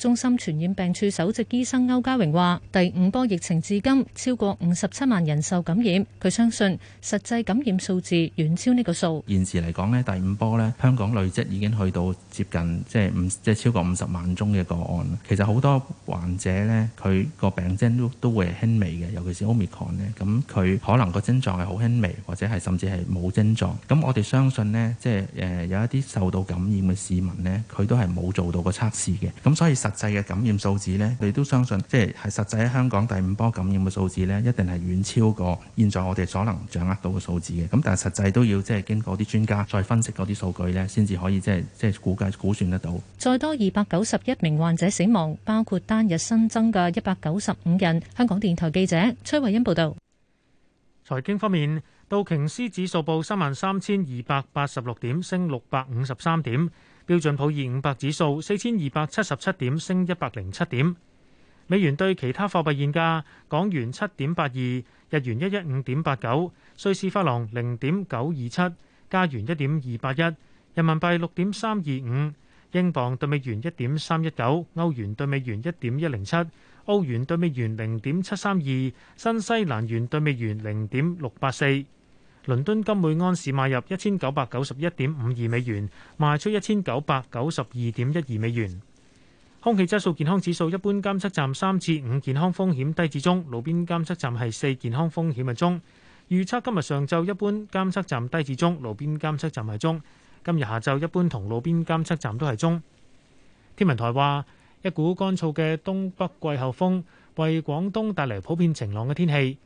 K: 中心傳染病處首席醫生歐家榮話，第五波疫情至今超過五十七萬人受感染，佢相信實際感染數字遠超呢個數。
M: 現時嚟講咧，第五波咧，香港累積已經去到接近即係五即係超過五十萬宗嘅個案。其實好多患者咧，佢個病徵都都會係輕微嘅，尤其是 Omicron 咧，咁佢可能個症狀係好輕微，或者係甚至係冇症狀。咁我哋相信咧，即係誒、呃、有一啲受到感染嘅市民咧，佢都係冇做到個測試嘅，咁所以實際嘅感染數字呢，你都相信，即係係實際喺香港第五波感染嘅數字呢，一定係遠超過現在我哋所能掌握到嘅數字嘅。咁但係實際都要即係經過啲專家再分析嗰啲數據呢，先至可以即係即係估計估算得到。
K: 再多二百九十一名患者死亡，包括單日新增嘅一百九十五人。香港電台記者崔慧欣報道。
J: 財經方面，道瓊斯指數報三萬三千二百八十六點，升六百五十三點。標準普爾五百指數四千二百七十七點，升一百零七點。美元對其他貨幣現價：港元七點八二，日元一一五點八九，瑞士法郎零點九二七，加元一點二八一，人民幣六點三二五，英鎊對美元一點三一九，歐元對美元一點一零七，澳元對美元零點七三二，新西蘭元對美元零點六八四。倫敦金每安士買入一千九百九十一點五二美元，賣出一千九百九十二點一二美元。空氣質素健康指數，一般監測站三至五健康風險低至中，路邊監測站係四健康風險嘅中。預測今日上晝一般監測站低至中，路邊監測站係中。今日下晝一般同路邊監測站都係中。天文台話，一股乾燥嘅東北季候風為廣東帶嚟普遍晴朗嘅天氣。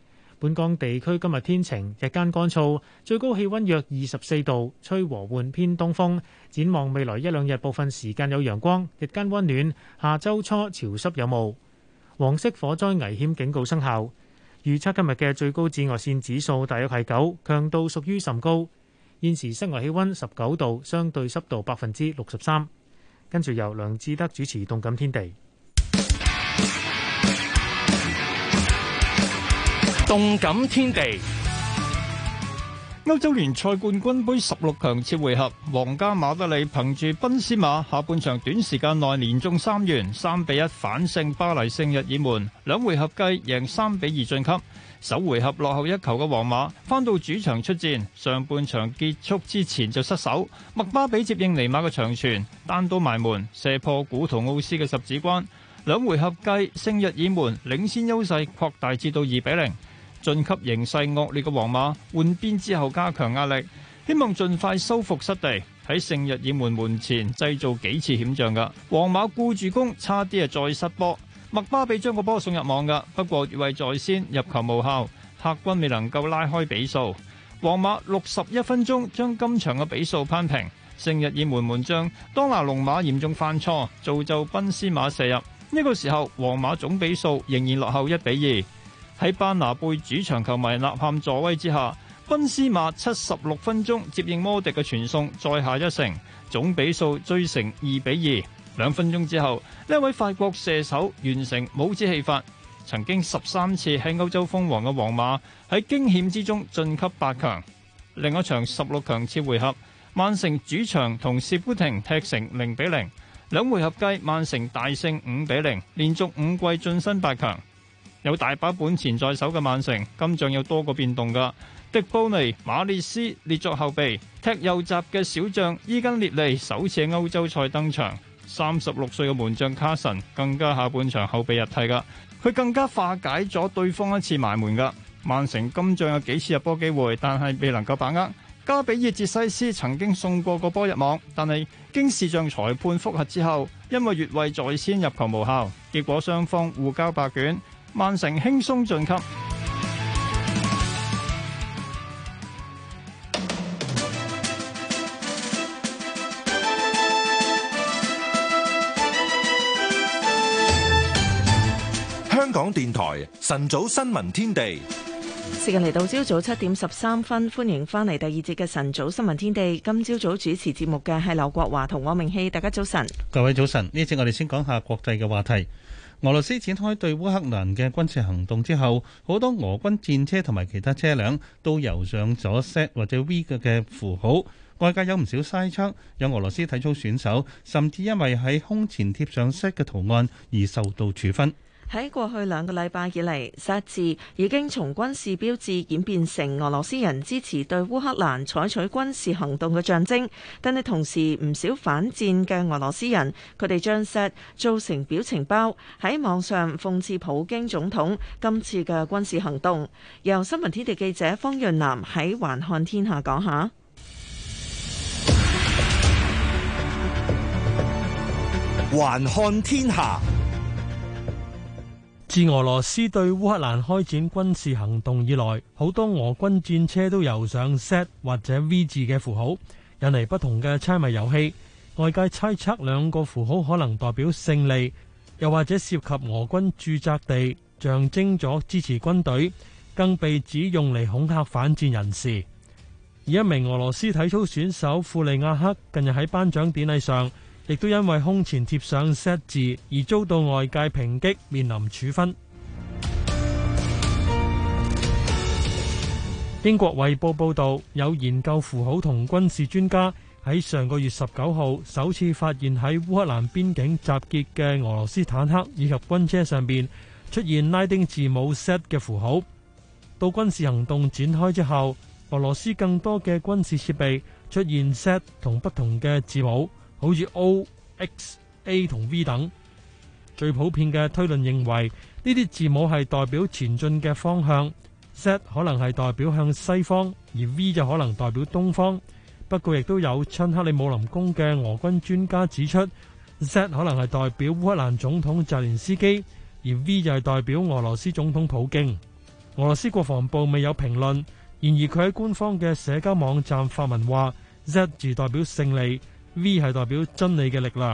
J: 本港地區今日天晴，日間乾燥，最高氣溫約二十四度，吹和緩偏東風。展望未來一兩日，部分時間有陽光，日間溫暖。下周初潮濕有霧。黃色火災危險警告生效。預測今日嘅最高紫外線指數大約係九，強度屬於甚高。現時室外氣溫十九度，相對濕度百分之六十三。跟住由梁志德主持《動感天地》。
O: 動感天地，歐洲聯
P: 賽冠軍盃十六強次回合，皇家馬德里憑住賓斯馬下半場短時間內連中三元，三比一反勝巴黎聖日耳門，兩回合計贏三比二晉級。首回合落後一球嘅皇馬，返到主場出戰，上半場結束之前就失手，麥巴比接應尼馬嘅長傳，單刀埋門射破古圖奧斯嘅十指關，兩回合計聖日耳門，領先優勢擴大至到二比零。晉級形勢惡劣嘅皇馬換邊之後加強壓力，希望盡快收復失地。喺聖日耳門門前製造幾次險象嘅皇馬顧住攻，差啲啊再失波。麥巴比將個波送入網嘅，不過越位在先，入球無效。客軍未能夠拉開比數，皇馬六十一分鐘將今場嘅比數扳平。聖日耳門門將當拿龍馬嚴重犯錯，造就賓斯馬射入。呢個時候皇馬總比數仍然落後一比二。喺班拿貝主場球迷吶喊助威之下，賓斯馬七十六分鐘接應摩迪嘅傳送，再下一城，總比數追成二比二。兩分鐘之後，呢位法國射手完成帽子戲法。曾經十三次喺歐洲封王嘅皇馬喺驚險之中晉級八強。另一場十六強次回合，曼城主場同士砵亭踢成零比零，兩回合計曼城大勝五比零，連續五季晉身八強。有大把本錢在手嘅曼城今仗有多個變動㗎。迪布尼、馬列斯列作後備，踢右閘嘅小將伊根列利首次喺歐洲賽登場。三十六歲嘅門將卡臣更加下半場後備入替㗎。佢更加化解咗對方一次埋門㗎。曼城今仗有幾次入波機會，但係未能夠把握。加比爾哲西斯曾經送過個波入網，但係經視像裁判複核之後，因為越位在先入球無效，結果雙方互交白卷。曼城輕鬆晉級。
A: 香港電台晨早新聞天地，
C: 時間嚟到朝早七點十三分，歡迎翻嚟第二節嘅晨早新聞天地。今朝早，早主持節目嘅係劉國華同我明熙，大家早晨。
D: 各位早晨，呢節我哋先講下國際嘅話題。俄羅斯展開對烏克蘭嘅軍事行動之後，好多俄軍戰車同埋其他車輛都油上咗 Z 或者 V 嘅嘅符號。外界有唔少猜測，有俄羅斯體操選手甚至因為喺胸前貼上 Z 嘅圖案而受到處分。
C: 喺過去兩個禮拜以嚟，石字已經從軍事標誌演變成俄羅斯人支持對烏克蘭採取軍事行動嘅象徵。但係同時，唔少反戰嘅俄羅斯人，佢哋將石做成表情包喺網上諷刺普京總統今次嘅軍事行動。由新聞天地記者方潤南喺《環看天下》講下，
A: 《環看天下》。自俄羅斯對烏克蘭開展軍事行動以來，好多俄軍戰車都油上 Z 或者 V 字嘅符號，引嚟不同嘅猜謎遊戲。外界猜測兩個符號可能代表勝利，又或者涉及俄軍駐紮地，象徵咗支持軍隊，更被指用嚟恐嚇反戰人士。而一名俄羅斯體操選手庫利亞克近日喺頒獎典禮上，亦都因為胸前貼上 Z 字而遭到外界抨擊，面臨處分。英國《衛報》報導，有研究符號同軍事專家喺上個月十九號首次發現喺烏克蘭邊境集結嘅俄羅斯坦克以及軍車上邊出現拉丁字母 Z 嘅符號。到軍事行動展開之後，俄羅斯更多嘅軍事設備出現 Z 同不同嘅字母。好似 O、X、A 同 V 等最普遍嘅推論認為呢啲字母係代表前進嘅方向。Z 可能係代表向西方，而 V 就可能代表東方。不過，亦都有親克里姆林宮嘅俄軍專家指出，Z 可能係代表烏克蘭總統澤連斯基，而 V 就係代表俄羅斯總統普京。俄羅斯國防部未有評論。然而，佢喺官方嘅社交網站發文話，Z 字代表勝利。V 係代表真理嘅力量，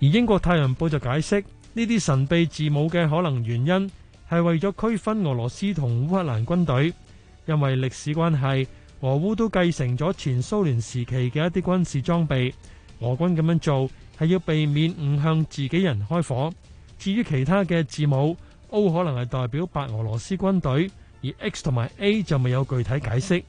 A: 而英國太陽報就解釋呢啲神秘字母嘅可能原因，係為咗區分俄羅斯同烏克蘭軍隊。因為歷史關係，俄烏都繼承咗前蘇聯時期嘅一啲軍事裝備，俄軍咁樣做係要避免唔向自己人開火。至於其他嘅字母 O，可能係代表白俄羅斯軍隊。而 X 同埋 A 就未有具體解釋。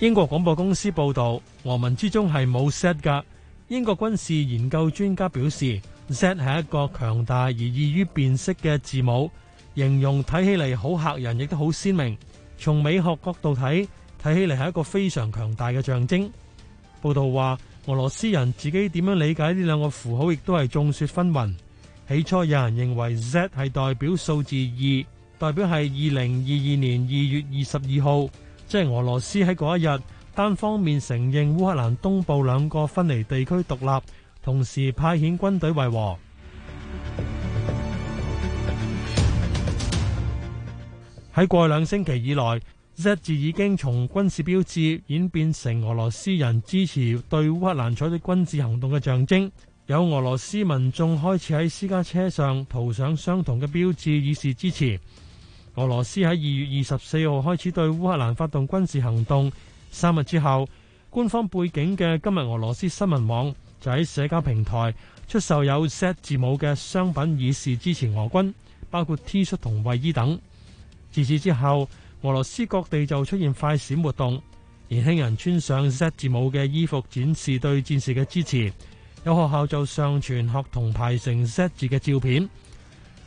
A: 英國廣播公司報導，俄文之中係冇 Z 噶。英國軍事研究專家表示，Z 係一個強大而易於辨識嘅字母，形容睇起嚟好嚇人，亦都好鮮明。從美學角度睇，睇起嚟係一個非常強大嘅象徵。報導話，俄羅斯人自己點樣理解呢兩個符號紛紛，亦都係眾說紛紜。起初有人認為 Z 係代表數字二，代表係二零二二年二月二十二號，即係俄羅斯喺嗰一日單方面承認烏克蘭東部兩個分離地區獨立，同時派遣軍隊維和。喺過去兩星期以來，Z 字已經從軍事標誌演變成俄羅斯人支持對烏克蘭採取軍事行動嘅象徵。有俄羅斯民眾開始喺私家車上塗上相同嘅標誌，以示支持。俄羅斯喺二月二十四號開始對烏克蘭發動軍事行動，三日之後，官方背景嘅今日俄羅斯新聞網就喺社交平台出售有 Z 字母嘅商品，以示支持俄軍，包括 T 恤同衞衣等。自此之後，俄羅斯各地就出現快閃活動，年輕人穿上 Z 字母嘅衣服，展示對戰士嘅支持。有學校就上傳學童排成 set 字嘅照片，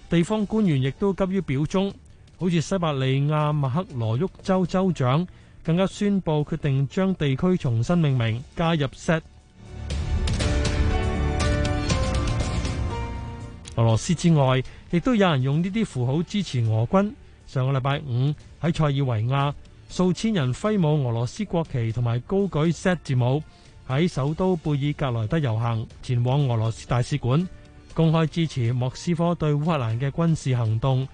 A: 地方官員亦都急於表忠，好似西伯利亞麥克羅沃州州長，更加宣佈決定將地區重新命名加入 set。 *music* 俄羅斯之外，亦都有人用呢啲符號支持俄軍。上個禮拜五喺塞爾維亞，數千人揮舞俄羅斯國旗同埋高舉 set 字母。喺首都貝爾格萊德遊行，前往俄羅斯大使館，公開支持莫斯科對烏克蘭嘅軍事行動。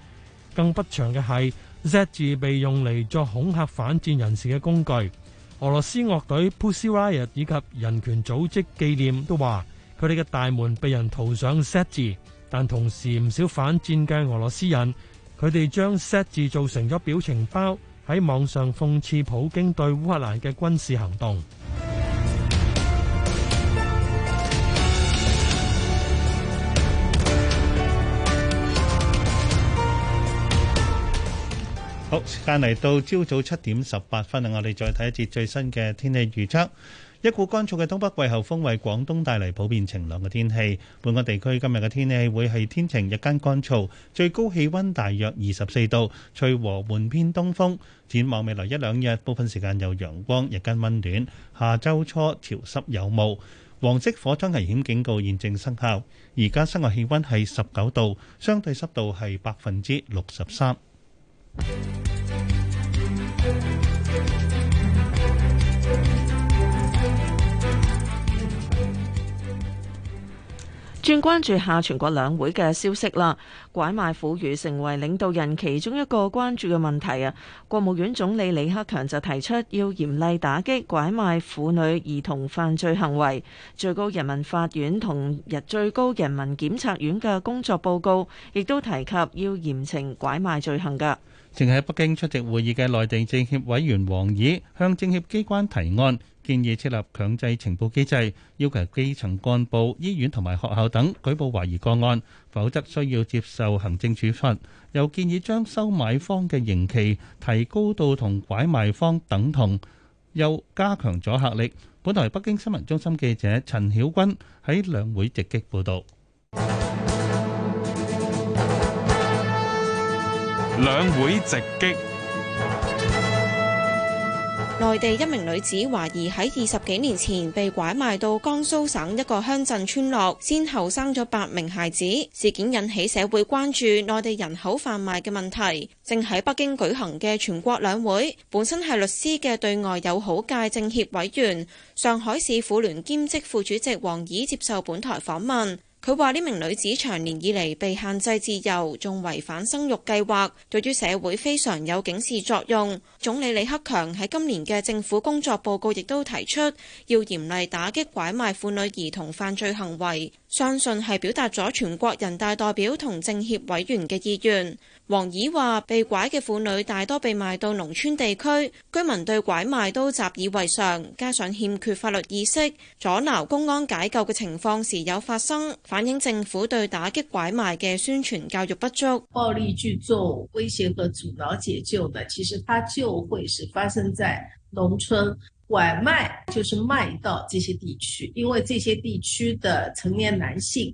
A: 更不祥嘅係，Z 字被用嚟作恐嚇反戰人士嘅工具。俄羅斯樂隊 Pussy Riot 以及人權組織紀念都話，佢哋嘅大門被人塗上 Z 字，但同時唔少反戰嘅俄羅斯人，佢哋將 Z 字做成咗表情包喺網上諷刺普京對烏克蘭嘅軍事行動。
D: 好，時間嚟到朝早七點十八分啊！我哋再睇一節最新嘅天氣預測。一股乾燥嘅東北季候風為廣東帶嚟普遍晴朗嘅天氣。本港地區今日嘅天氣會係天晴，日間乾燥，最高氣温大約二十四度，吹和緩偏東風。展望未來一兩日，部分時間有陽光，日間溫暖。下週初潮濕有霧，黃色火災危險警告現正生效。而家室外氣温係十九度，相對濕度係百分之六十三。
C: 轉關注下全國兩會嘅消息啦。拐賣婦女成為領導人其中一個關注嘅問題啊。國務院總理李克強就提出要嚴厲打擊拐賣婦女兒童犯罪行為。最高人民法院同日最高人民檢察院嘅工作報告亦都提及要嚴懲拐賣罪行㗎。
D: 正喺北京出席會議嘅內地政協委員王爾向政協機關提案，建議設立強制情報機制，要求基層幹部、醫院同埋學校等舉報懷疑個案，否則需要接受行政處罰。又建議將收買方嘅刑期提高到同拐賣方等同，又加強咗阻嚇力。本台北京新聞中心記者陳曉君喺兩會直擊報導。
O: 兩會直擊。
Q: 內地一名女子懷疑喺二十幾年前被拐賣到江蘇省一個鄉鎮村落，先後生咗八名孩子。事件引起社會關注內地人口販賣嘅問題。正喺北京舉行嘅全國兩會，本身係律師嘅對外友好界政協委員、上海市婦聯兼職副主席黃以接受本台訪問。佢話：呢名女子長年以嚟被限制自由，仲違反生育計劃，對於社會非常有警示作用。總理李克強喺今年嘅政府工作報告亦都提出要嚴厲打擊拐賣婦女兒童犯罪行為，相信係表達咗全國人大代表同政協委員嘅意願。王姨話：被拐嘅婦女大多被賣到農村地區，居民對拐賣都習以為常，加上欠缺法律意識，阻撓公安解救嘅情況時有發生，反映政府對打擊拐賣
R: 嘅宣傳教育不足。暴力聚眾、威脅和阻撓解救的，其實它就會是發生在農村，拐賣就是賣到這些地區，因為這些地區的成年男性。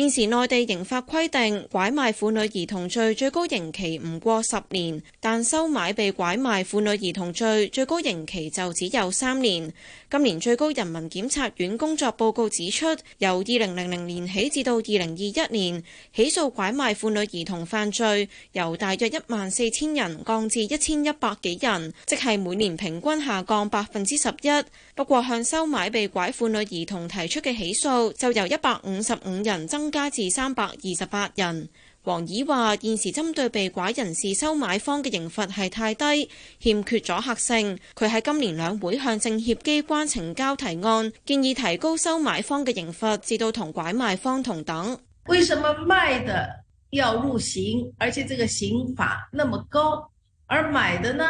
Q: 現時內地刑法規定拐賣婦女兒童罪最高刑期唔過十年，但收買被拐賣婦女兒童罪最高刑期就只有三年。今年最高人民檢察院工作報告指出，由二零零零年起至到二零二一年，起訴拐賣婦女兒童犯罪由大約一萬四千人降至一千一百幾人，即係每年平均下降百分之十一。不過向收買被拐婦女兒童提出嘅起訴就由一百五十五人增加至三百二十八人，王以話現時針對被拐人士收買方嘅刑罰係太低，欠缺阻嚇性。佢喺今年兩會向政協機關呈交提案，建議提高
R: 收買方嘅刑罰，至到同拐賣方同等。為什麼賣的要入刑，而且這個刑罰那麼高，而買的呢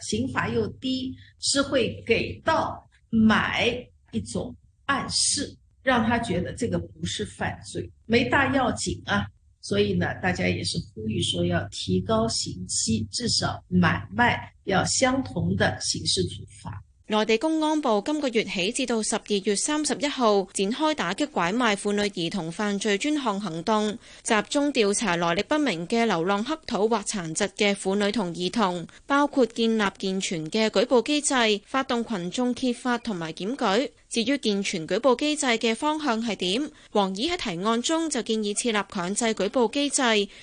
R: 刑罰又低，是會給到買一種暗示？讓他覺得這個不是犯罪，沒大要緊啊。所以呢，大家也是呼籲說要提高刑期，至少買賣要相同的刑事處罰。
Q: 內地公安部今個月起至到十二月三十一號展開打擊拐賣婦女兒童犯罪專項行動，集中調查來歷不明嘅流浪乞討或殘疾嘅婦女同兒童，包括建立健全嘅舉報機制，發動群眾揭發同埋檢舉。至於健全舉報機制嘅方向係點？王爾喺提案中就建議設立強制舉報機制，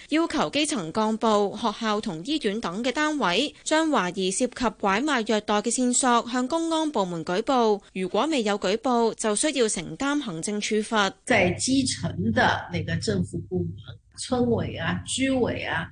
Q: 要求基層幹部、學校同醫院等嘅單位，將懷疑涉及拐賣、虐待嘅線索向公安部門舉報。如果未有舉報，就需要
R: 承擔行政處罰。即係基層嘅那個政府部門、村委啊、居委啊。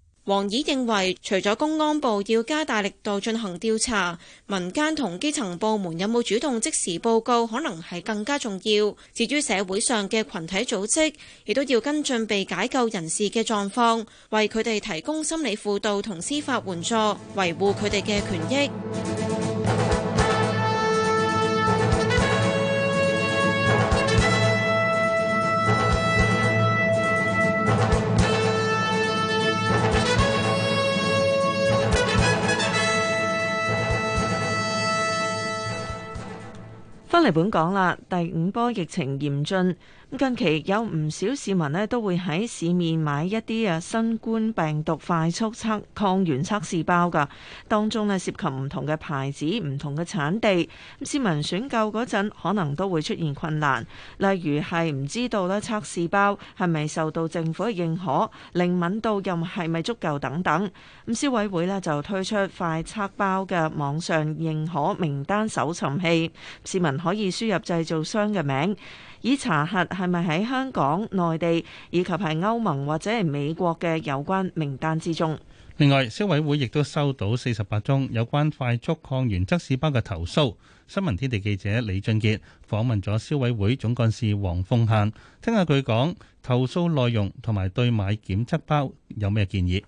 R: 王宇
Q: 認為，除咗公安部要加大力度進行調查，民間同基層部門有冇主動即時報告，可能係更加重要。至於社會上嘅群體組織，亦都要跟進被解救人士嘅狀況，為佢哋提供心理輔導同司法援助，維護佢哋嘅權益。
C: 返嚟本港啦，第五波疫情嚴峻。近期有唔少市民咧都會喺市面買一啲啊新冠病毒快速測抗原測試包㗎，當中咧涉及唔同嘅牌子、唔同嘅產地。市民選購嗰陣可能都會出現困難，例如係唔知道咧測試包係咪受到政府嘅認可，靈敏度又係咪足夠等等。咁消委會咧就推出快測包嘅網上認可名單搜尋器，市民可以輸入製造商嘅名。以查核係咪喺香港、內地以及係歐盟或者係美國嘅有關名單之中。
D: 另外，消委會亦都收到四十八宗有關快速抗原測試包嘅投訴。新聞天地記者李俊杰訪問咗消委會總幹事黃鳳嫻，聽下佢講投訴內容同埋對買檢測包有咩建議。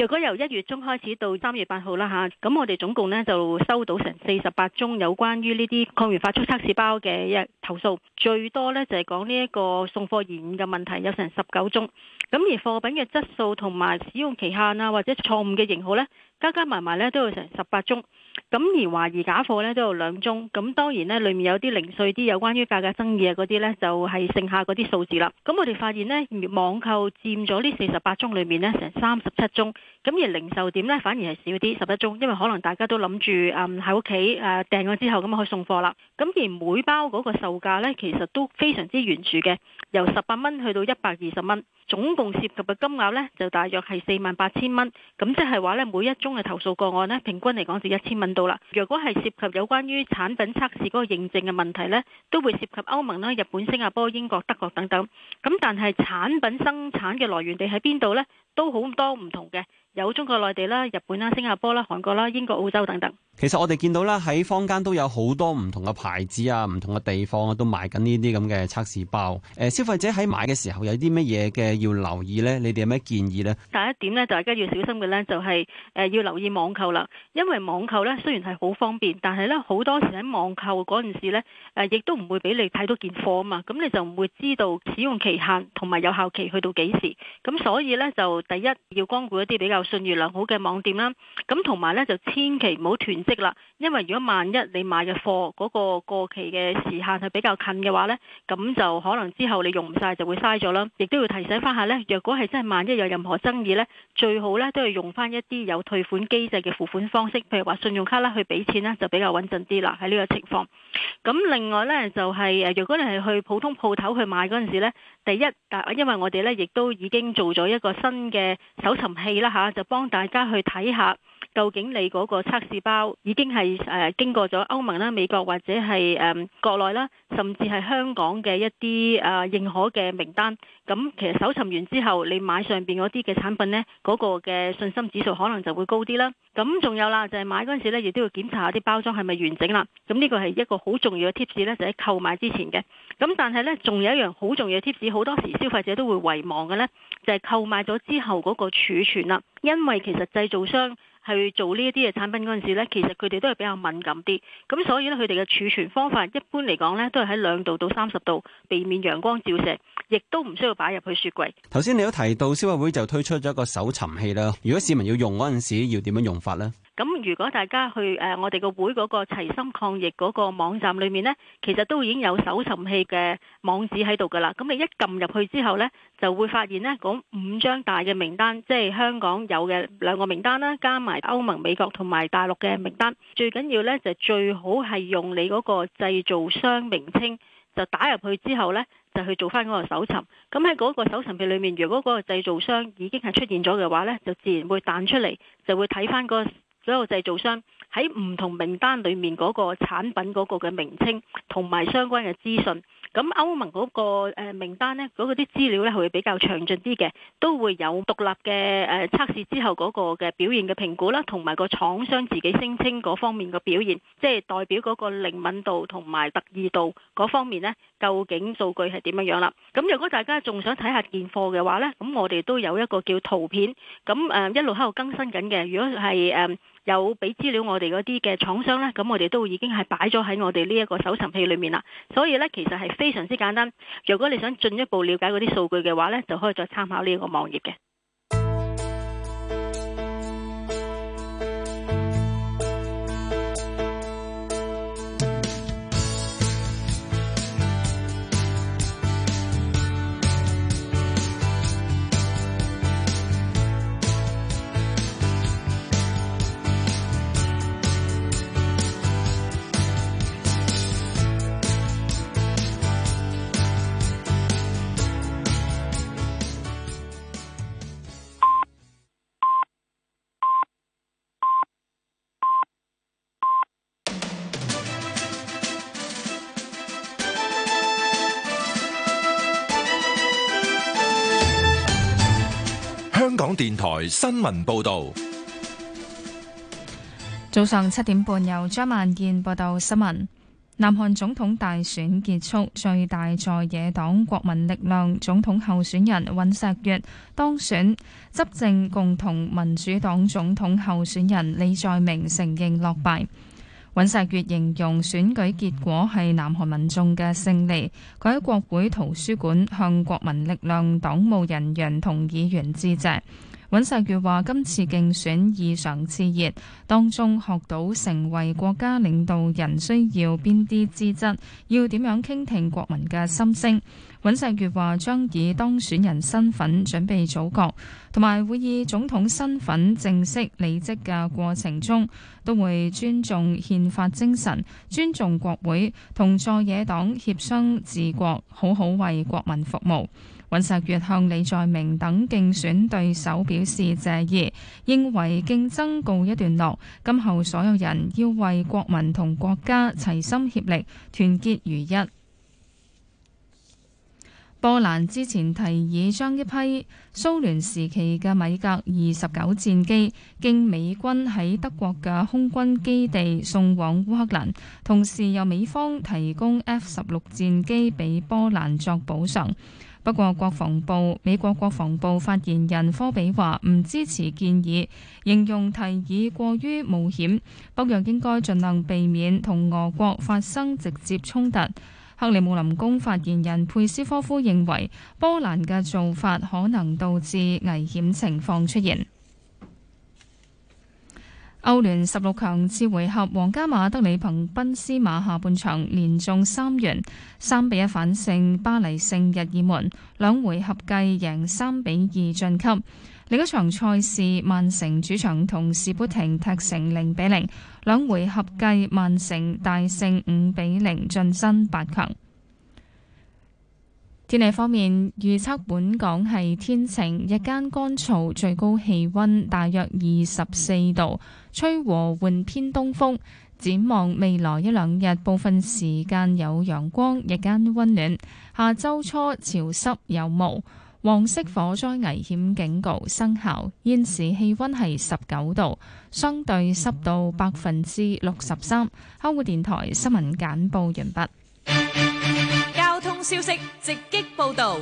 S: 如果由一月中開始到三月八號啦嚇，咁我哋總共呢就收到成四十八宗有關於呢啲抗原快速測試包嘅一投訴，最多呢就係、是、講呢一個送貨延誤嘅問題，有成十九宗。咁而貨品嘅質素同埋使用期限啊，或者錯誤嘅型號呢，加加埋埋咧都有成十八宗，咁而懷疑假貨咧都有兩宗，咁當然咧裡面有啲零碎啲有關於價格爭議嘅嗰啲呢就係、是、剩下嗰啲數字啦。咁我哋發現呢，網購佔咗呢四十八宗裏面呢，成三十七宗，咁而零售點呢，反而係少啲十一宗，因為可能大家都諗住誒喺屋企誒訂咗之後咁可以送貨啦。咁而每包嗰個售價呢，其實都非常之懸殊嘅，由十八蚊去到一百二十蚊，總共涉及嘅金額呢，就大約係四萬八千蚊。咁即係話呢，每一宗嘅投訴個案咧，平均嚟講就一千蚊到啦。如果係涉及有關於產品測試嗰個認證嘅問題咧，都會涉及歐盟啦、日本、新加坡、英國、德國等等。咁但係產品生產嘅來源地喺邊度咧，都好多唔同嘅。有中國內地啦、日本啦、新加坡啦、韓國啦、英國、澳洲等等。
M: 其實我哋見到啦，喺坊間都有好多唔同嘅牌子啊、唔同嘅地方啊，都買緊呢啲咁嘅測試包。誒，消費者喺買嘅時候有啲乜嘢嘅要留意呢？你哋有咩建議呢？
S: 第一點呢，就大家要小心嘅呢，就係誒要留意網購啦。因為網購呢，雖然係好方便，但係呢，好多時喺網購嗰陣時呢，誒，亦都唔會俾你睇到件貨啊嘛。咁你就唔會知道使用期限同埋有效期去到幾時。咁所以呢，就第一要光顧一啲比較信譽良好嘅網店啦，咁同埋呢就千祈唔好囤積啦，因為如果萬一你買嘅貨嗰個過期嘅時限係比較近嘅話呢，咁就可能之後你用唔晒就會嘥咗啦，亦都要提醒翻下呢，若果係真係萬一有任何爭議呢，最好呢都係用翻一啲有退款機制嘅付款方式，譬如話信用卡啦去俾錢啦，就比較穩陣啲啦。喺呢個情況，咁另外呢，就係誒，如果你係去普通鋪頭去買嗰陣時呢，第一，但因為我哋呢亦都已經做咗一個新嘅搜尋器啦嚇。就幫大家去睇下，究竟你嗰個測試包已經係誒、呃、經過咗歐盟啦、美國或者係誒、呃、國內啦，甚至係香港嘅一啲誒、呃、認可嘅名單。咁、嗯、其實搜尋完之後，你買上邊嗰啲嘅產品呢，嗰、那個嘅信心指數可能就會高啲啦。咁、嗯、仲有啦，就係、是、買嗰陣時咧，亦都要檢查下啲包裝係咪完整啦。咁、嗯、呢、這個係一個好重要嘅 tips 咧，就喺、是、購買之前嘅。咁但係呢，仲有一樣好重要嘅 i 士，好多時消費者都會遺忘嘅呢，就係、是、購買咗之後嗰個儲存啦。因為其實製造商去做呢一啲嘅產品嗰陣時咧，其實佢哋都係比較敏感啲，咁所以呢，佢哋嘅儲存方法一般嚟講呢，都係喺兩度到三十度，避免陽光照射，亦都唔需要擺入去雪櫃。
M: 頭先你都提到消委會就推出咗一個搜尋器啦，如果市民要用嗰陣時，要點樣用法呢？
S: 咁如果大家去誒我哋個會嗰個齊心抗疫嗰個網站裏面咧，其實都已經有搜尋器嘅網址喺度噶啦。咁你一撳入去之後咧，就會發現咧嗰五張大嘅名單，即係香港有嘅兩個名單啦，加埋歐盟、美國同埋大陸嘅名單，最緊要咧就最好係用你嗰個製造商名稱就打入去之後咧，就去做翻嗰個搜尋，咁喺嗰個搜尋器裏面，如果嗰個製造商已經係出現咗嘅話咧，就自然會彈出嚟，就會睇翻嗰個。所有製造商喺唔同名單裏面嗰個產品嗰個嘅名稱同埋相關嘅資訊，咁歐盟嗰個誒名單咧，嗰個啲資料咧係會比較詳盡啲嘅，都會有獨立嘅誒測試之後嗰個嘅表現嘅評估啦，同埋個廠商自己聲稱嗰方面嘅表現，即係代表嗰個靈敏度同埋特異度嗰方面咧，究竟數據係點樣樣啦？咁如果大家仲想睇下件貨嘅話咧，咁我哋都有一個叫圖片，咁誒一路喺度更新緊嘅。如果係誒，有俾資料我哋嗰啲嘅廠商呢，咁我哋都已經係擺咗喺我哋呢一個搜尋器裏面啦。所以呢，其實係非常之簡單。如果你想進一步了解嗰啲數據嘅話呢，就可以再參考呢個網頁嘅。
A: 電台新聞報道：
B: 早上七點半，由張萬健報道新聞。南韓總統大選結束，最大在野黨國民力量總統候選人尹錫悅當選，執政共同民主黨總統候選人李在明承認落敗。尹錫悅形容選舉結果係南韓民眾嘅勝利，佢喺國會圖書館向國民力量黨務人員同議員致謝。尹錫悅話：今次競選異常熾熱，當中學到成為國家領導人需要邊啲資質，要點樣傾聽國民嘅心聲。尹錫悅話將以當選人身份準備組閣，同埋會以總統身份正式離職嘅過程中，都會尊重憲法精神，尊重國會同在野黨協商治國，好好為國民服務。尹錫悅向李在明等競選對手表示謝意，認為競爭告一段落，今後所有人要為國民同國家齊心協力，團結如一。波蘭之前提議將一批蘇聯時期嘅米格二十九戰機經美軍喺德國嘅空軍基地送往烏克蘭，同時由美方提供 F 十六戰機俾波蘭作補償。不過國防部美國國防部發言人科比話唔支持建議，形容提議過於冒險，北約應該盡量避免同俄國發生直接衝突。克里姆林宮發言人佩斯科夫認為，波蘭嘅做法可能導致危險情況出現。歐聯十六強次回合，皇家馬德里憑賓斯馬下半場連中三元，三比一反勝巴黎聖日耳門，兩回合計贏三比二晉級。另一場賽事，曼城主場同士砵廷踢成零比零，兩回合計曼城大勝五比零，晉身八強。天氣方面預測，本港係天晴日間乾燥，最高氣温大約二十四度，吹和緩偏東風。展望未來一兩日，部分時間有陽光，日間温暖。下周初潮濕有霧。黃色火災危險警告生效，現時氣溫係十九度，相對濕度百分之六十三。香港電台新聞簡報完畢。交通消息直擊報道。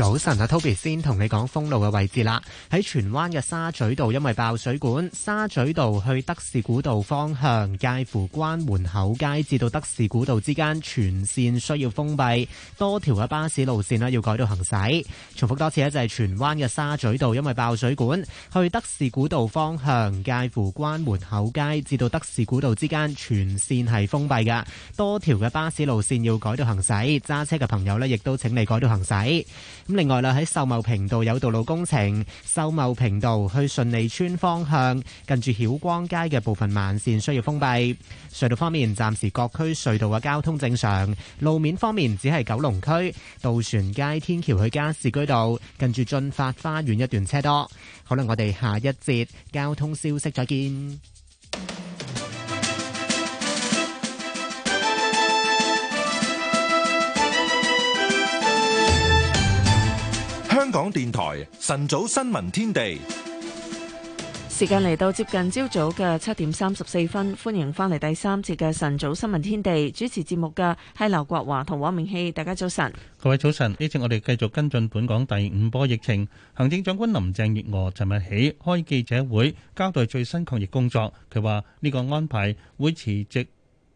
I: 早晨啊，Toby 先同你講封路嘅位置啦。喺荃灣嘅沙咀道，因為爆水管，沙咀道去德士古道方向介乎關門口街至到德士古道之間全線需要封閉，多條嘅巴士路線呢要改道行駛。重複多次呢，就係、是、荃灣嘅沙咀道，因為爆水管，去德士古道方向介乎關門口街至到德士古道之間全線係封閉嘅，多條嘅巴士路線要改道行駛。揸車嘅朋友呢，亦都請你改道行駛。咁另外咧，喺秀茂坪道有道路工程，秀茂坪道去順利村方向近住曉光街嘅部分慢綫需要封閉。隧道方面，暫時各區隧道嘅交通正常。路面方面，只係九龍區渡船街天橋去加士居道近住駿發花園一段車多。好啦，我哋下一節交通消息再見。
A: 香港電台晨早新聞天地，
C: 時間嚟到接近朝早嘅七點三十四分，歡迎翻嚟第三節嘅晨早新聞天地，主持節目嘅係劉國華同黃明希，大家早晨，
D: 各位早晨。呢節我哋繼續跟進本港第五波疫情，行政長官林鄭月娥尋日起開記者會，交代最新抗疫工作。佢話呢個安排會持續。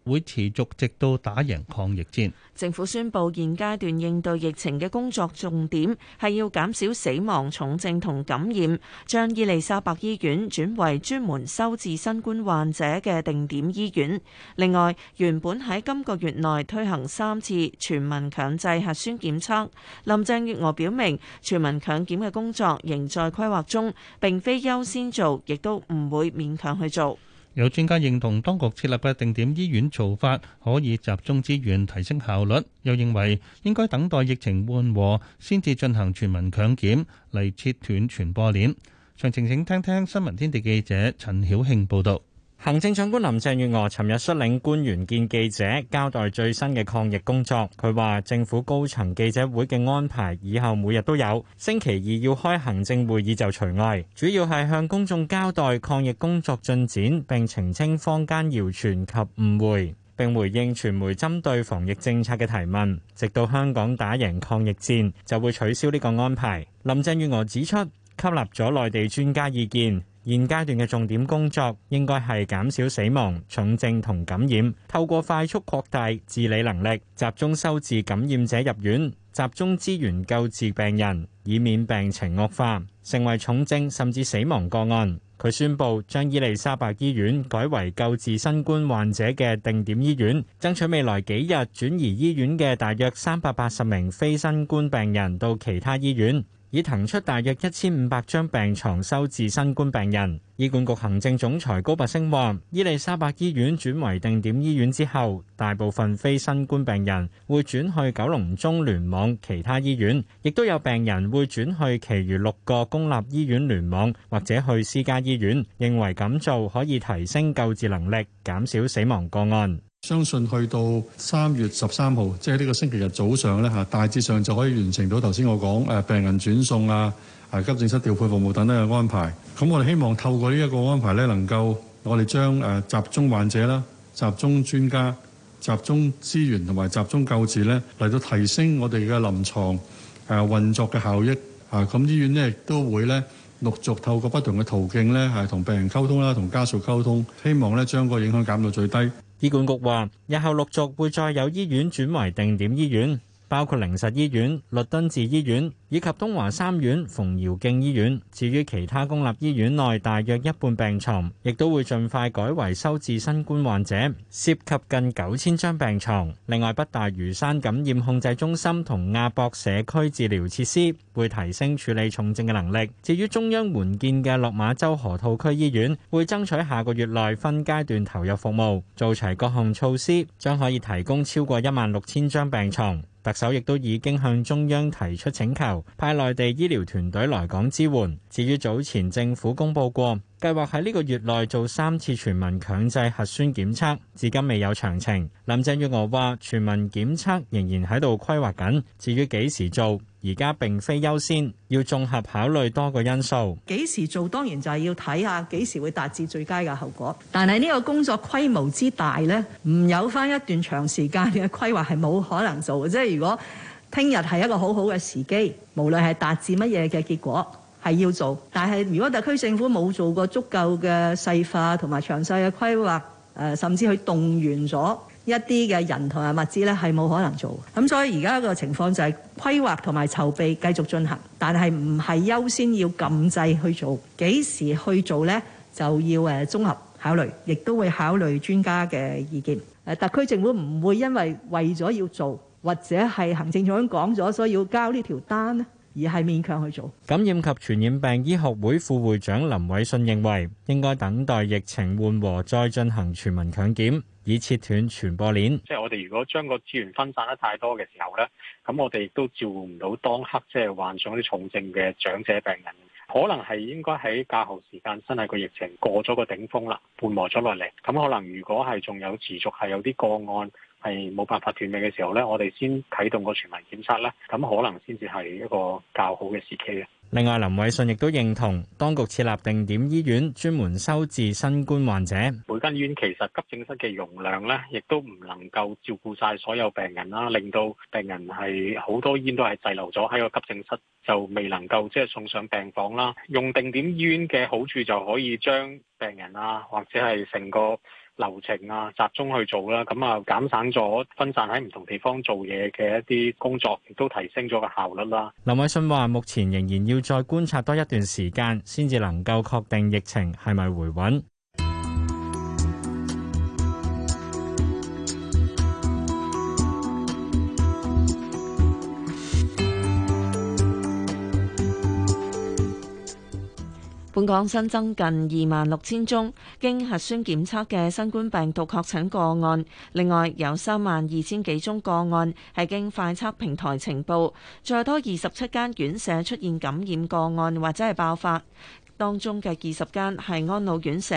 D: 會持續直到打贏抗疫戰。
C: 政府宣布現階段應對疫情嘅工作重點係要減少死亡、重症同感染，將伊利沙伯醫院轉為專門收治新冠患者嘅定點醫院。另外，原本喺今個月內推行三次全民強制核酸檢測，林鄭月娥表明全民強檢嘅工作仍在規劃中，並非優先做，亦都唔會勉強去做。
D: 有專家認同當局設立嘅定點醫院做法，可以集中資源提升效率，又認為應該等待疫情緩和先至進行全民強檢嚟切斷傳播鏈。詳情請聽晨早新聞天
M: 地記者陳曉慶報導。行政長官林鄭月娥尋日率領官員見記者，交代最新嘅抗疫工作。佢話：政府高層記者會嘅安排以後每日都有，星期二要開行政會議就除外，主要係向公眾交代抗疫工作進展，並澄清坊間謠傳及誤會，並回應傳媒針對防疫政策嘅提問。直到香港打贏抗疫戰，就會取消呢個安排。林鄭月娥指出，吸納咗內地專家意見。現階段嘅重點工作應該係減少死亡、重症同感染，透過快速擴大治理能力，集中收治感染者入院，集中資源救治病人，以免病情惡化，成為重症甚至死亡個案。佢宣布將伊利沙伯醫院改為救治新冠患者嘅定點醫院，爭取未來幾日轉移醫院嘅大約三百八十名非新冠病人到其他醫院。已騰出大約一千五百張病床收治新冠病人。醫管局行政總裁高拔升話，伊麗莎白醫院轉為定點醫院之後，大部分非新冠病人會轉去九龍中聯網其他醫院，亦都有病人會轉去其餘六個公立醫院聯網或者去私家醫院。認為咁做可以提升救治能力，減少死亡個案。相信去到三月十三號，即係呢個星期日早上咧，吓大致上就可以完成到頭先
A: 我講誒，病人轉送啊，啊急症室調配服務等等嘅安排。咁我哋希望透過呢一個安排咧，能夠我哋將誒集中患者啦，集中專家、集中資源同埋集中救治咧，嚟到提升我哋嘅臨床誒
M: 運作嘅效益。啊，咁醫院咧亦都會咧陸續透過不同嘅途徑咧，係同病人溝通啦，同家屬溝通，希望咧將個影響減到最低。醫管局話日後陸續會再有醫院轉為定點醫院。包括靈實醫院、律敦治醫院以及東華三院馮堯敬醫院，至於其他公立醫院內大約一半病床，亦都會盡快改為收治新冠患者，涉及近九千張病床。另外，北大嶼山感染控制中心同亞博社區治療設施會提升處理重症嘅能力。至於中央援建嘅落馬洲河套區醫院，會爭取下個月內分階段投入服務，做齊各項措施，將可以提供超過一萬六千張病床。特首亦都已經向中央提出請求，派內地醫療團隊來港支援。至於早前政府公佈過計劃喺呢個月內做三次全民強制核酸檢測，至今未有詳情。林鄭月娥話，全民檢測仍然喺度規劃緊，至於幾時做？而家並非優先，要綜合考慮多個因素。
T: 幾時做當然就係要睇下幾時會達至最佳嘅效果。但係呢個工作規模之大咧，唔有翻一段長時間嘅規劃係冇可能做嘅。即係如果聽日係一個好好嘅時機，無論係達至乜嘢嘅結果係要做。但係如果特區政府冇做過足夠嘅細化同埋詳細嘅規劃，誒、呃，甚至去動員咗。一啲嘅人同埋物資呢係冇可能做的，咁所以而家個情況就係規劃同埋籌備繼續進行，但係唔係優先要禁制去做，幾時去做呢？就要誒綜合考慮，亦都會考慮專家嘅意見。特區政府唔會因為為咗要做或者係行政長官講咗，所以要交呢條單呢。而係勉強去做。
M: 感染及傳染病醫學會副會長林偉信認為，應該等待疫情緩和再進行全民強檢，以切斷傳播鏈。即係我哋如果將個資源分散得太多嘅時候咧，咁我哋亦都照顧唔到當刻即係患上啲重症嘅長者病人。可能係應該喺假後時間，真係個疫情過咗個頂峰啦，緩和咗落嚟。咁可能如果係仲有持續係有啲個案。係冇辦法斷命嘅時候呢，我哋先啟動個全民檢測啦，咁可能先至係一個較好嘅時期。另外，林偉信亦都認同，當局設立定點醫院，專門收治新冠患者。每間醫院其實急症室嘅容量呢，亦都唔能夠照顧晒所有病人啦，令到病人係好多醫院都係滯留咗喺個急症室，就未能夠即係送上病房啦。用定點醫院嘅好處，就可以將病人啊，或者係成個。流程啊，集中去做啦，咁啊，減省咗分散喺唔同地方做嘢嘅一啲工作，亦都提升咗個效率啦。林偉信話：目前仍然要再觀察多一段時間，先至能夠確定疫情係咪回穩。
C: 本港新增近二萬六千宗經核酸檢測嘅新冠病毒確診個案，另外有三萬二千幾宗個案係經快測平台呈報，再多二十七間院舍出現感染個案或者係爆發，當中嘅二十間係安老院舍。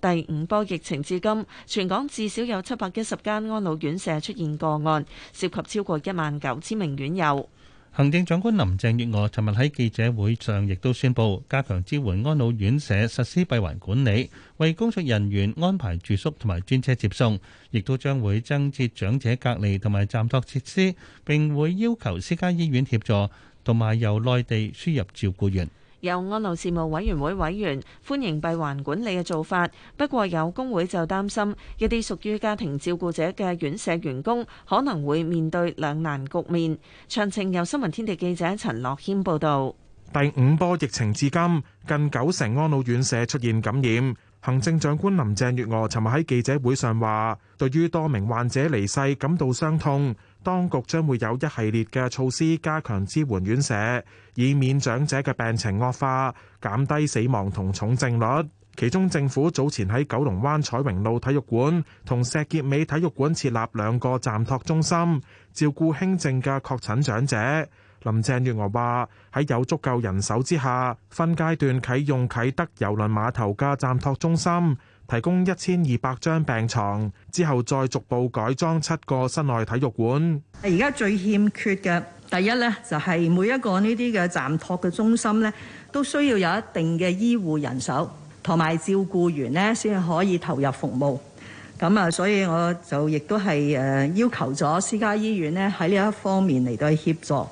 C: 第五波疫情至今，全港至少有七百一十間安老院舍出現個案，涉及超過一萬九千名院友。
D: 行政長官林鄭月娥尋日喺記者會上亦都宣布加強支援安老院舍實施閉環管理，為工作人員安排住宿同埋專車接送，亦都將會增設長者隔離同埋暫托設施，並會要求私家醫院協助同埋由內地輸入照顧員。
C: 有安老事務委員會委員歡迎閉環管理嘅做法，不過有工會就擔心，一啲屬於家庭照顧者嘅院舍員工可能會面對兩難局面。詳情由新聞天地記者陳
O: 樂謙報道。第五波疫情至今，近九成安老院舍出現感染。行政長官林鄭月娥尋日喺記者會上話，對於多名患者離世感到傷痛。當局將會有一系列嘅措施加強支援院舍，以免長者嘅病情惡化，減低死亡同重症率。其中，政府早前喺九龍灣彩榮路體育館同石硤尾體育館設立兩個暫託中心，照顧輕症嘅確診長者。林鄭月娥話：喺有足夠人手之下，分階段啟用啟德郵輪碼頭嘅暫託中心。提供一千二百張病床之後，再逐步改裝七個室內體育館。
T: 而家最欠缺嘅，第一咧就係、是、每一個呢啲嘅暫託嘅中心咧，都需要有一定嘅醫護人手同埋照顧員呢先可以投入服務。咁啊，所以我就亦都係誒要求咗私家醫院呢喺呢一方面嚟到協助。誒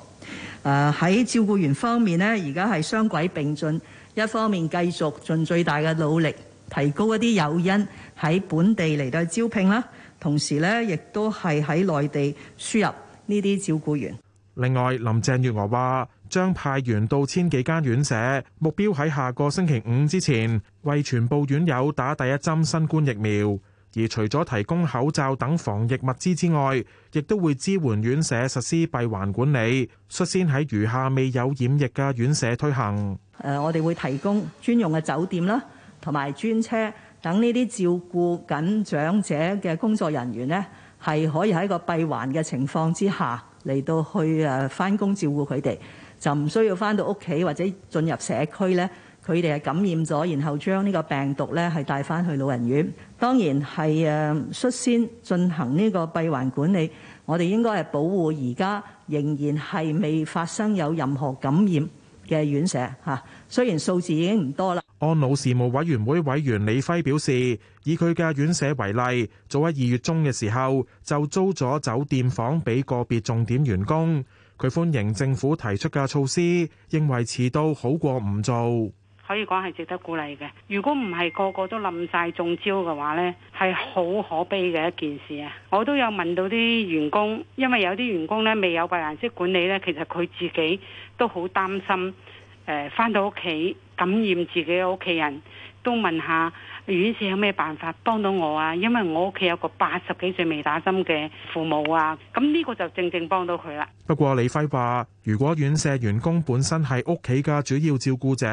T: 喺照顧員方面呢，而家係雙軌並進，一方面繼續盡最大嘅努力。提高一啲誘因喺本地嚟到招聘啦，同時咧亦都係喺內地輸入呢啲照顧員。
O: 另外，林鄭月娥話將派員到千幾間院舍，目標喺下個星期五之前為全部院友打第一針新冠疫苗。而除咗提供口罩等防疫物資之外，亦都會支援院舍實施閉環管理，率先喺餘下未有染疫嘅院舍推行。
T: 誒，我哋會提供專用嘅酒店啦。同埋專車等呢啲照顧緊長者嘅工作人員呢，係可以喺個閉環嘅情況之下嚟到去誒，翻工照顧佢哋，就唔需要翻到屋企或者進入社區呢，佢哋係感染咗，然後將呢個病毒呢係帶翻去老人院。當然係誒，率先進行呢個閉環管理，我哋應該係保護而家仍然係未發生有任何感染嘅院舍吓。雖然數字已經唔多啦，
O: 安老事務委員會委員李輝表示，以佢嘅院舍為例，早喺二月中嘅時候就租咗酒店房俾個別重點員工。佢歡迎政府提出嘅措施，認為遲到好過唔做。
B: 可以講係值得鼓勵嘅。如果唔係個個都冧晒中招嘅話呢，係好可悲嘅一件事啊！我都有問到啲員工，因為有啲員工咧未有閉環式管理呢，其實佢自己都好擔心。誒返到屋企感染自己嘅屋企人，都問下院舍有咩辦法幫到我啊，因為我屋企有個八十幾歲未打針嘅父母啊，咁呢個就正正幫到佢啦。
O: 不過李輝話，如果院舍員工本身係屋企嘅主要照顧者，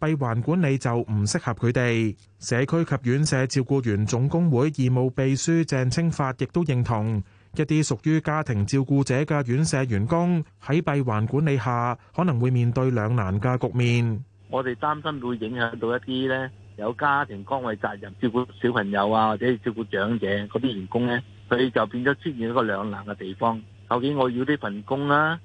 O: 閉環管理就唔適合佢哋。社區及院舍照顧員總工會義務秘書鄭清發亦都認同。一啲屬於家庭照顧者嘅院舍員工喺閉環管理下，可能會面對兩難嘅局面。
J: 我哋擔心會影響到一啲咧有家
M: 庭崗位責任照顧小朋友啊，或者照顧長者嗰啲員工咧，佢就變咗出現一個兩難嘅地方。究竟我要呢份工啦，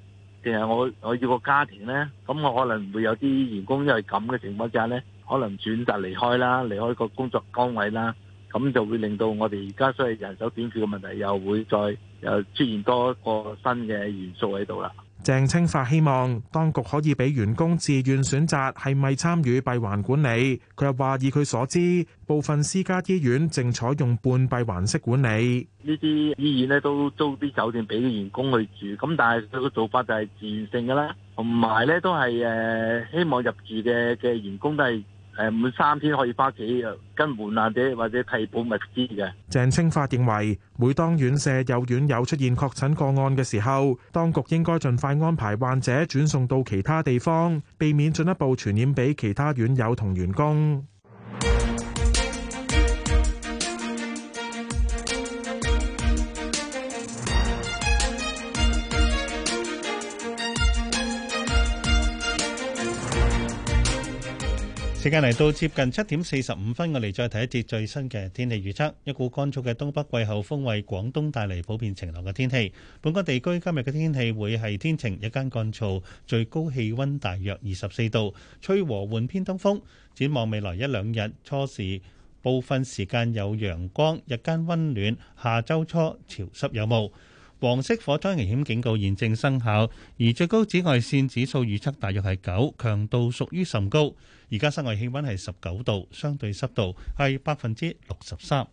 M: 定係我我要個家庭咧？咁我可能會有啲員工因為咁嘅情況之下咧，可能選擇離開啦，離開個工作崗位啦。咁就會令到我哋而家所謂人手短缺嘅問題又會再又出現多一個新嘅元素喺度啦。
O: 鄭清發希望當局可以俾員工自願選擇係咪參與閉環管理。佢又話以佢所知，部分私家醫院正採用半閉環式管理。
L: 呢啲醫院
M: 咧都租啲酒店俾員工去住，咁但係佢個做法就係自然性嘅啦。同埋咧都係誒希望入住嘅嘅員工都係。誒，每三天可以翻屋企跟門或者或者替補物資嘅
O: 鄭清發認為，每當院舍有院友出現確診個案嘅時候，當局應該盡快安排患者轉送到其他地方，避免進一步傳染俾其他院友同員工。
D: 時間嚟到接近七點四十五分，我哋再睇一節最新嘅天氣預測。一股乾燥嘅東北季候風為廣東帶嚟普遍晴朗嘅天氣。本港地區今日嘅天氣會係天晴，日間乾燥，最高氣溫大約二十四度，吹和緩偏東風。展望未來一兩日，初時部分時間有陽光，日間溫暖。下周初潮濕有霧。黃色火災危險警告現正生效，而最高紫外線指數預測大約係九，強度屬於甚高。而家室外氣溫係十九度，相對濕度係百分之六十三。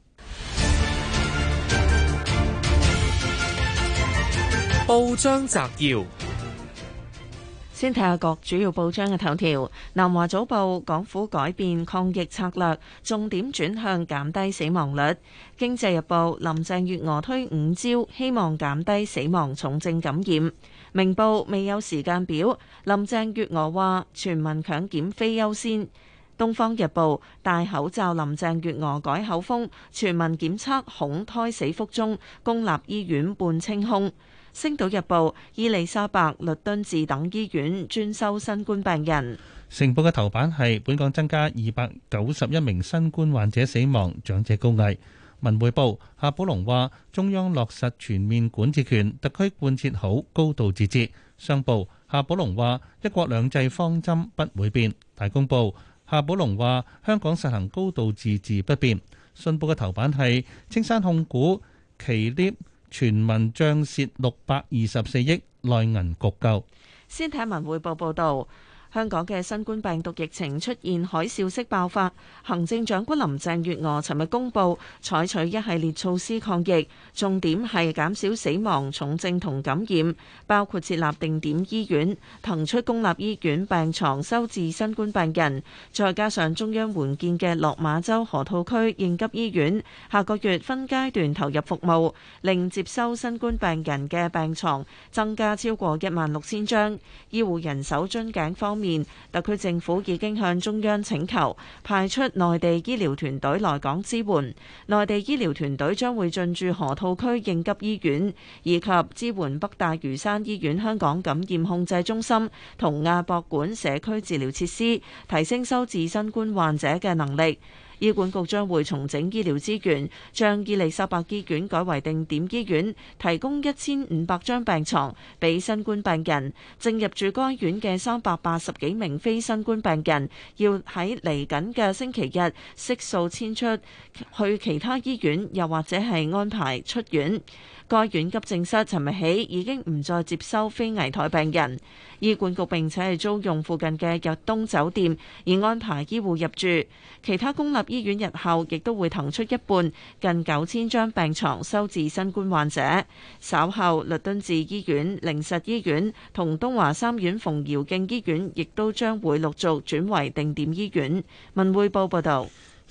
M: 報章摘要，
C: 先睇下各主要報章嘅頭條。南華早報：港府改變抗疫策略，重點轉向減低死亡率。經濟日報：林鄭月娥推五招，希望減低死亡重症感染。明報，未有時間表，林鄭月娥話全民強檢非優先。東方日報，戴口罩，林鄭月娥改口風，全民檢測恐胎死腹中。公立醫院半清空。星島日報，伊麗莎白、律敦治等醫院專收新冠病人。
D: 成報嘅頭版係本港增加二百九十一名新冠患者死亡，長者高危。文滙報夏寶龍話：中央落實全面管治權，特區貫徹好高度自治。商報夏寶龍話：一國兩制方針不會變。大公報夏寶龍話：香港實行高度自治不變。信報嘅頭版係青山控股，其跌，全民賬蝕六百二十四億內銀局救。
C: 先睇《文滙報》報道。香港嘅新冠病毒疫情出現海嘯式爆發，行政長官林鄭月娥尋日公布採取一系列措施抗疫，重點係減少死亡、重症同感染，包括設立定點醫院，騰出公立醫院病床收治新冠病人，再加上中央援建嘅落馬洲河套區應急醫院，下個月分階段投入服務，令接收新冠病人嘅病床增加超過一萬六千張。醫護人手樽頸方面。年特區政府已經向中央請求派出內地醫療團隊來港支援，內地醫療團隊將會進駐河套區應急醫院，以及支援北大嶼山醫院香港感染控制中心同亞博館社區治療設施，提升收治新冠患者嘅能力。醫管局將會重整醫療資源，將伊利沙伯醫院改為定點醫院，提供一千五百張病床俾新冠病人。正入住該院嘅三百八十幾名非新冠病人，要喺嚟緊嘅星期日悉數遷出去其他醫院，又或者係安排出院。該院急症室尋日起已經唔再接收非危殆病人，醫管局並且係租用附近嘅日東酒店而安排醫護入住。其他公立醫院日後亦都會騰出一半近九千張病床收治新冠患者。稍後律敦治醫院、靈實醫院同東華三院馮堯敬醫院亦都將會陸續轉為定點醫院。文匯報報道。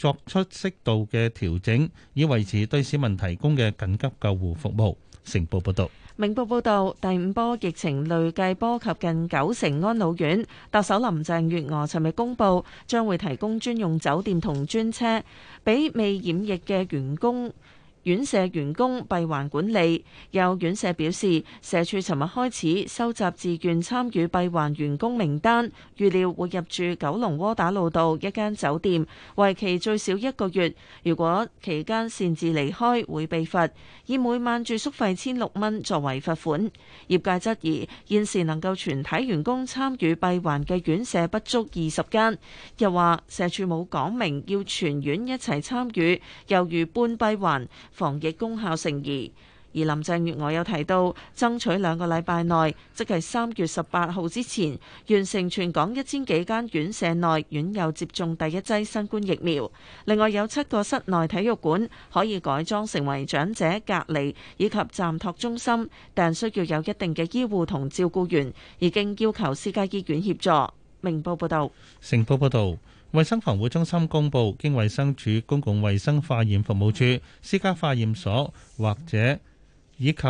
D: 作出適度嘅調整，以維持對市民提供嘅緊急救護服務。成報報導，
C: 明報報道，第五波疫情累計波及近九成安老院。特首林鄭月娥尋日公布，將會提供專用酒店同專車，俾未染疫嘅員工。院舍員工閉環管理，有院舍表示，社署尋日開始收集自願參與閉環員工名單，預料會入住九龍窩打老道一間酒店，為期最少一個月。如果期間擅自離開，會被罰，以每晚住宿費千六蚊作為罰款。業界質疑現時能夠全體員工參與閉環嘅院舍不足二十間，又話社署冇講明要全院一齊參與，猶如半閉環。防疫功效成疑，而林鄭月娥有提到爭取兩個禮拜內，即係三月十八號之前，完成全港一千幾間院舍內院友接種第一劑新冠疫苗。另外有七個室內體育館可以改裝成為長者隔離以及暫托中心，但需要有一定嘅醫護同照顧員，已經要求私家醫院協助。明報報道，
D: 成報報道。衛生防護中心公布，經衛生署公共衛生化驗服務處、私家化驗所或者以及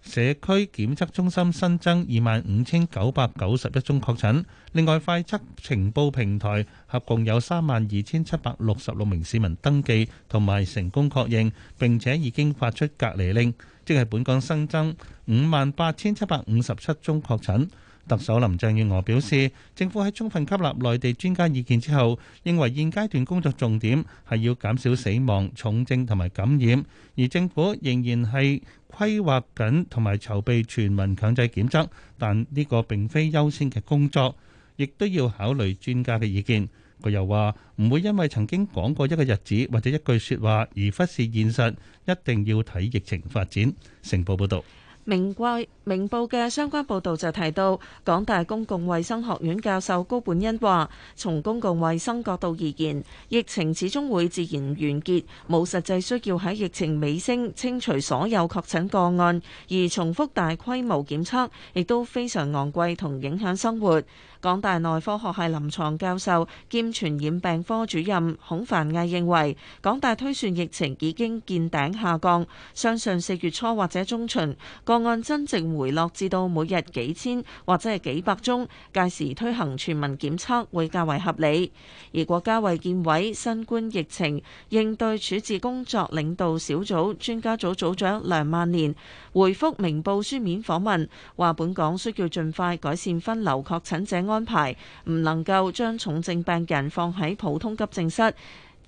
D: 社區檢測中心新增二萬五千九百九十一宗確診。另外，快測情報平台合共有三萬二千七百六十六名市民登記同埋成功確認，並且已經發出隔離令，即係本港新增五萬八千七百五十七宗確診。特首林鄭月娥表示，政府喺充分吸納內地專家意見之後，認為現階段工作重點係要減少死亡、重症同埋感染，而政府仍然係規劃緊同埋籌備全民強制檢測，但呢個並非優先嘅工作，亦都要考慮專家嘅意見。佢又話：唔會因為曾經講過一個日子或者一句説話而忽視現實，一定要睇疫情發展。成報報道。
C: 明貴明報嘅相關報導就提到，港大公共衛生學院教授高本恩話，從公共衛生角度而言，疫情始終會自然完結，冇實際需要喺疫情尾聲清除所有確診個案，而重複大規模檢測亦都非常昂貴同影響生活。港大內科學系臨床教授兼傳染病科主任孔凡毅認為，港大推算疫情已經見頂下降，相信四月初或者中旬個案增值回落至到每日幾千或者係幾百宗，屆時推行全民檢測會較為合理。而國家衛健委新冠疫情應對處置工作領導小組專家組組長梁萬年回覆明報書面訪問，話本港需要盡快改善分流確診者。安排唔能夠將重症病人放喺普通急症室，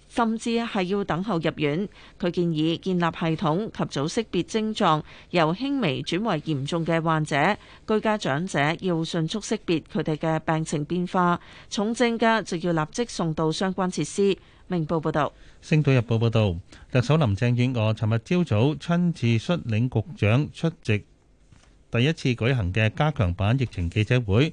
C: 甚至係要等候入院。佢建議建立系統，及早識別症狀由輕微轉為嚴重嘅患者，居家長者要迅速識別佢哋嘅病情變化，重症嘅就要立即送到相關設施。明報報道，
D: 《星島日報》報道，特首林鄭月娥尋日朝早親自率領局長出席第一次舉行嘅加強版疫情記者會。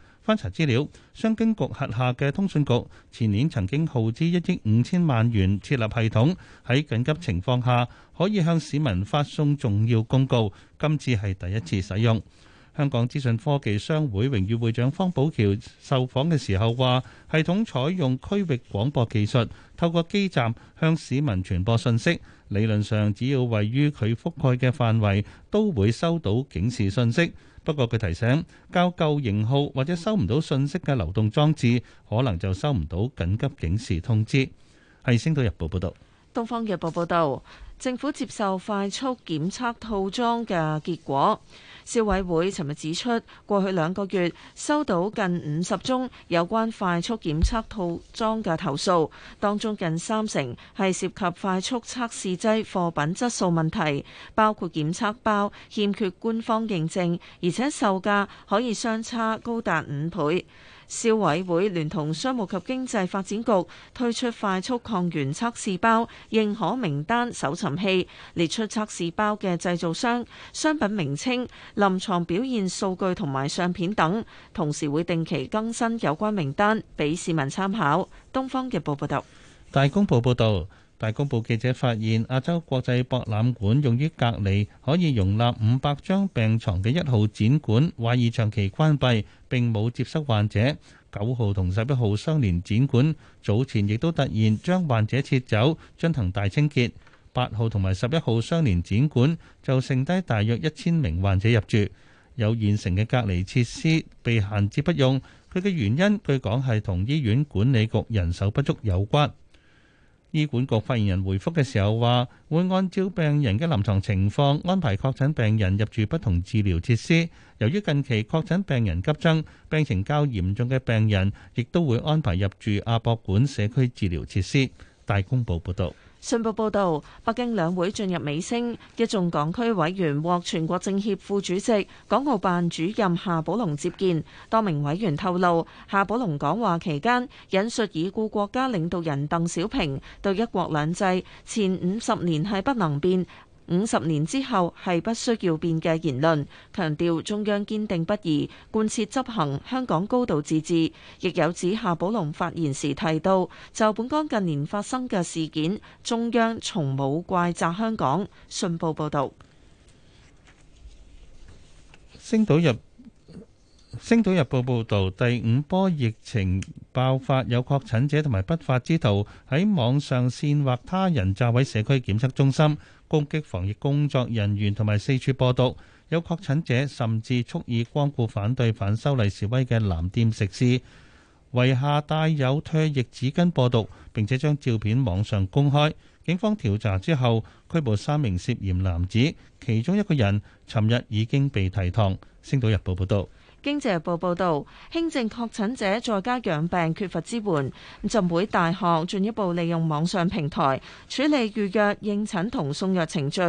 D: 翻查資料，商經局轄下嘅通訊局前年曾經耗資一億五千萬元設立系統，喺緊急情況下可以向市民發送重要公告。今次係第一次使用。香港資訊科技商會榮譽會長方寶橋受訪嘅時候話，系統採用區域廣播技術，透過基站向市民傳播信息。理論上，只要位於佢覆蓋嘅範圍，都會收到警示信息。不過，佢提醒較舊型號或者收唔到信息嘅流動裝置，可能就收唔到緊急警示通知，係星島日報報道。
C: 《東方日報》報導，政府接受快速檢測套裝嘅結果。消委會尋日指出，過去兩個月收到近五十宗有關快速檢測套裝嘅投訴，當中近三成係涉及快速測試劑貨品質素問題，包括檢測包欠缺官方認證，而且售價可以相差高達五倍。消委會聯同商務及經濟發展局推出快速抗原測試包認可名單搜尋器，列出測試包嘅製造商、商品名稱、臨床表現數據同埋相片等，同時會定期更新有關名單，俾市民參考。東方日報報道，
D: 大公報報道。大公報記者發現，亞洲國際博覽館用於隔離可以容納五百張病床嘅一號展館，懷疑長期關閉並冇接收患者。九號同十一號相連展館早前亦都突然將患者撤走，進行大清潔。八號同埋十一號相連展館就剩低大約一千名患者入住，有現成嘅隔離設施被閒置不用。佢嘅原因據講係同醫院管理局人手不足有關。醫管局發言人回覆嘅時候話，會按照病人嘅臨床情況安排確診病人入住不同治療設施。由於近期確診病人急增，病情較嚴重嘅病人亦都會安排入住亞博館社區治療設施。大公報報道。
C: 信報報道，北京兩會進入尾聲，一眾港區委員獲全國政協副主席、港澳辦主任夏寶龍接見。多名委員透露，夏寶龍講話期間引述已故國家領導人鄧小平對一國兩制前五十年係不能變。五十年之後係不需要變嘅言論，強調中央堅定不移貫徹執行香港高度自治。亦有指夏寶龍發言時提到，就本港近年發生嘅事件，中央從冇怪責香港。信報報道。
D: 《星島日星島日報》報道，第五波疫情爆發，有確診者同埋不法之徒喺網上煽惑他人炸毀社區檢測中心。攻擊防疫工作人員同埋四處播毒，有確診者甚至蓄意光顧反對反修例示威嘅藍店食肆，遺下帶有唾液紙巾播毒，並且將照片網上公開。警方調查之後拘捕三名涉嫌男子，其中一個人尋日已經被提堂。《星島日報》報道。
C: 經濟日報報導，輕症確診者在家養病缺乏支援，浸會大學進一步利用網上平台處理預約應診同送藥程序，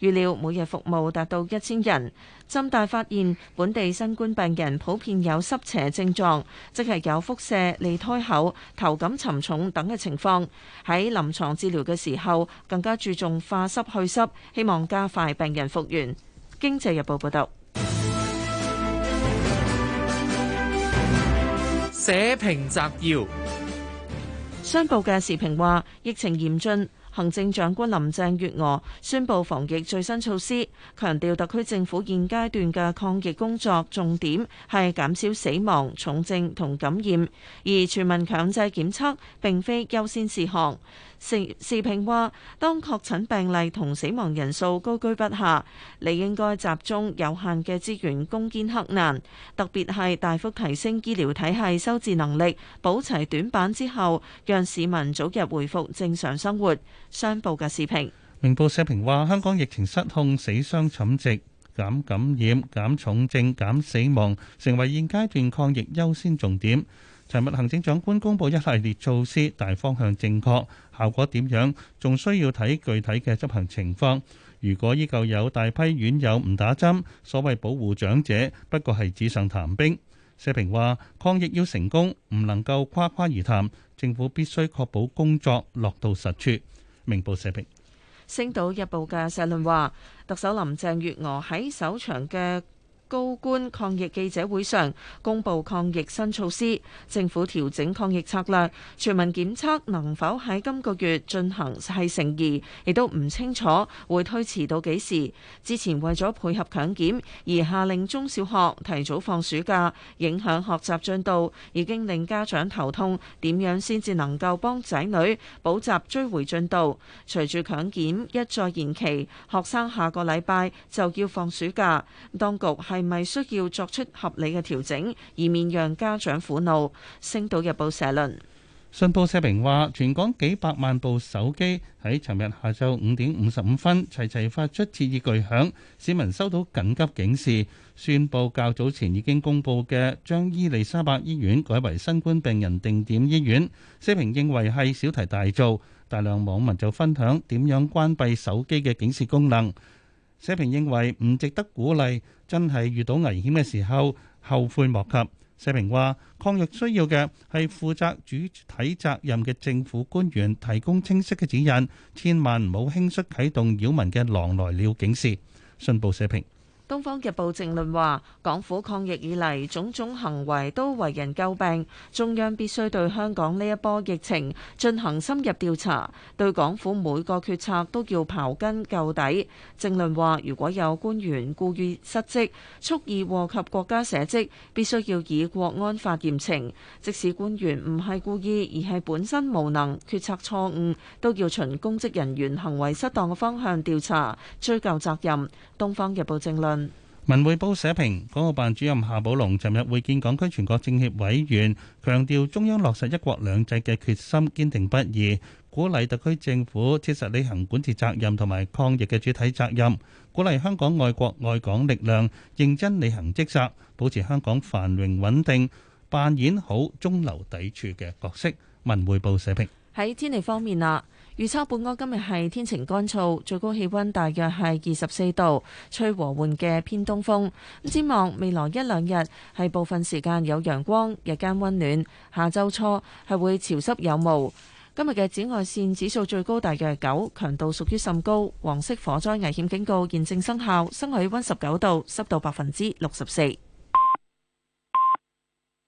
C: 預料每日服務達到一千人。浸大發現本地新冠病人普遍有濕邪症狀，即係有腹瀉、脷苔厚、頭感沉重等嘅情況。喺臨床治療嘅時候，更加注重化濕祛濕，希望加快病人復原。經濟日報報導。社評摘要：商報嘅時評話，疫情嚴峻，行政長官林鄭月娥宣布防疫最新措施，強調特區政府現階段嘅抗疫工作重點係減少死亡、重症同感染，而全民強制檢測並非優先事項。時時評話：當確診病例同死亡人數高居不下，你應該集中有限嘅資源攻堅克難，特別係大幅提升醫療體系收治能力，保齊短板之後，讓市民早日回復正常生活。商報嘅時評，
D: 明報社評話：香港疫情失控，死傷枕藉，減感染、減重症、減死亡，成為現階段抗疫優先重點。財物行政長官公布一系列措施，大方向正確，效果點樣仲需要睇具體嘅執行情況。如果依舊有大批院友唔打針，所謂保護長者不過係紙上談兵。社評話抗疫要成功，唔能夠誇誇而談，政府必須確保工作落到實處。明報社評，
C: 《星島日報》嘅社論話，特首林鄭月娥喺首場嘅。高官抗疫記者會上公布抗疫新措施，政府調整抗疫策略，全民檢測能否喺今個月進行係成疑，亦都唔清楚會推遲到幾時。之前為咗配合強檢而下令中小學提早放暑假，影響學習進度，已經令家長頭痛。點樣先至能夠幫仔女補習追回進度？隨住強檢一再延期，學生下個禮拜就要放暑假，當局係。咪需要作出合理嘅調整，以免讓家長苦惱。星島日報社論，
D: 信報社評話：全港幾百萬部手機喺尋日下晝五點五十五分齊齊發出刺耳巨響，市民收到緊急警示，宣佈較早前已經公佈嘅將伊利沙伯醫院改為新冠病人定點醫院。社評認為係小題大做，大量網民就分享點樣關閉手機嘅警示功能。社評認為唔值得鼓勵，真係遇到危險嘅時候後悔莫及。社評話，抗疫需要嘅係負責主體責任嘅政府官員提供清晰嘅指引，千萬唔好輕率啟動擾民嘅狼來了警示。信報社評。
C: 《東方日報》政論話，港府抗疫以嚟種種行為都為人詬病，中央必須對香港呢一波疫情進行深入調查，對港府每個決策都要刨根究底。政論話，如果有官員故意失職，蓄意禍及國家社稷，必須要以國安法嚴懲；即使官員唔係故意，而係本身無能決策錯誤，都要循公職人員行為失當嘅方向調查追究責任。《東方日報》政論。
D: 文匯報社評：港澳辦主任夏寶龍尋日會見港區全國政協委員，強調中央落實一國兩制嘅決心堅定不移，鼓勵特區政府切實履行管治責任同埋抗疫嘅主體責任，鼓勵香港愛國愛港力量認真履行職責，保持香港繁榮穩定，扮演好中流砥柱嘅角色。文匯報社評：
C: 喺天氣方面啊。預測本港今日係天晴乾燥，最高氣溫大約係二十四度，吹和緩嘅偏東風。咁展望未來一兩日係部分時間有陽光，日間溫暖。下周初係會潮濕有霧。今日嘅紫外線指數最高大約九，強度屬於甚高，黃色火災危險警告現正生效。深海溫十九度，濕度百分之六十四。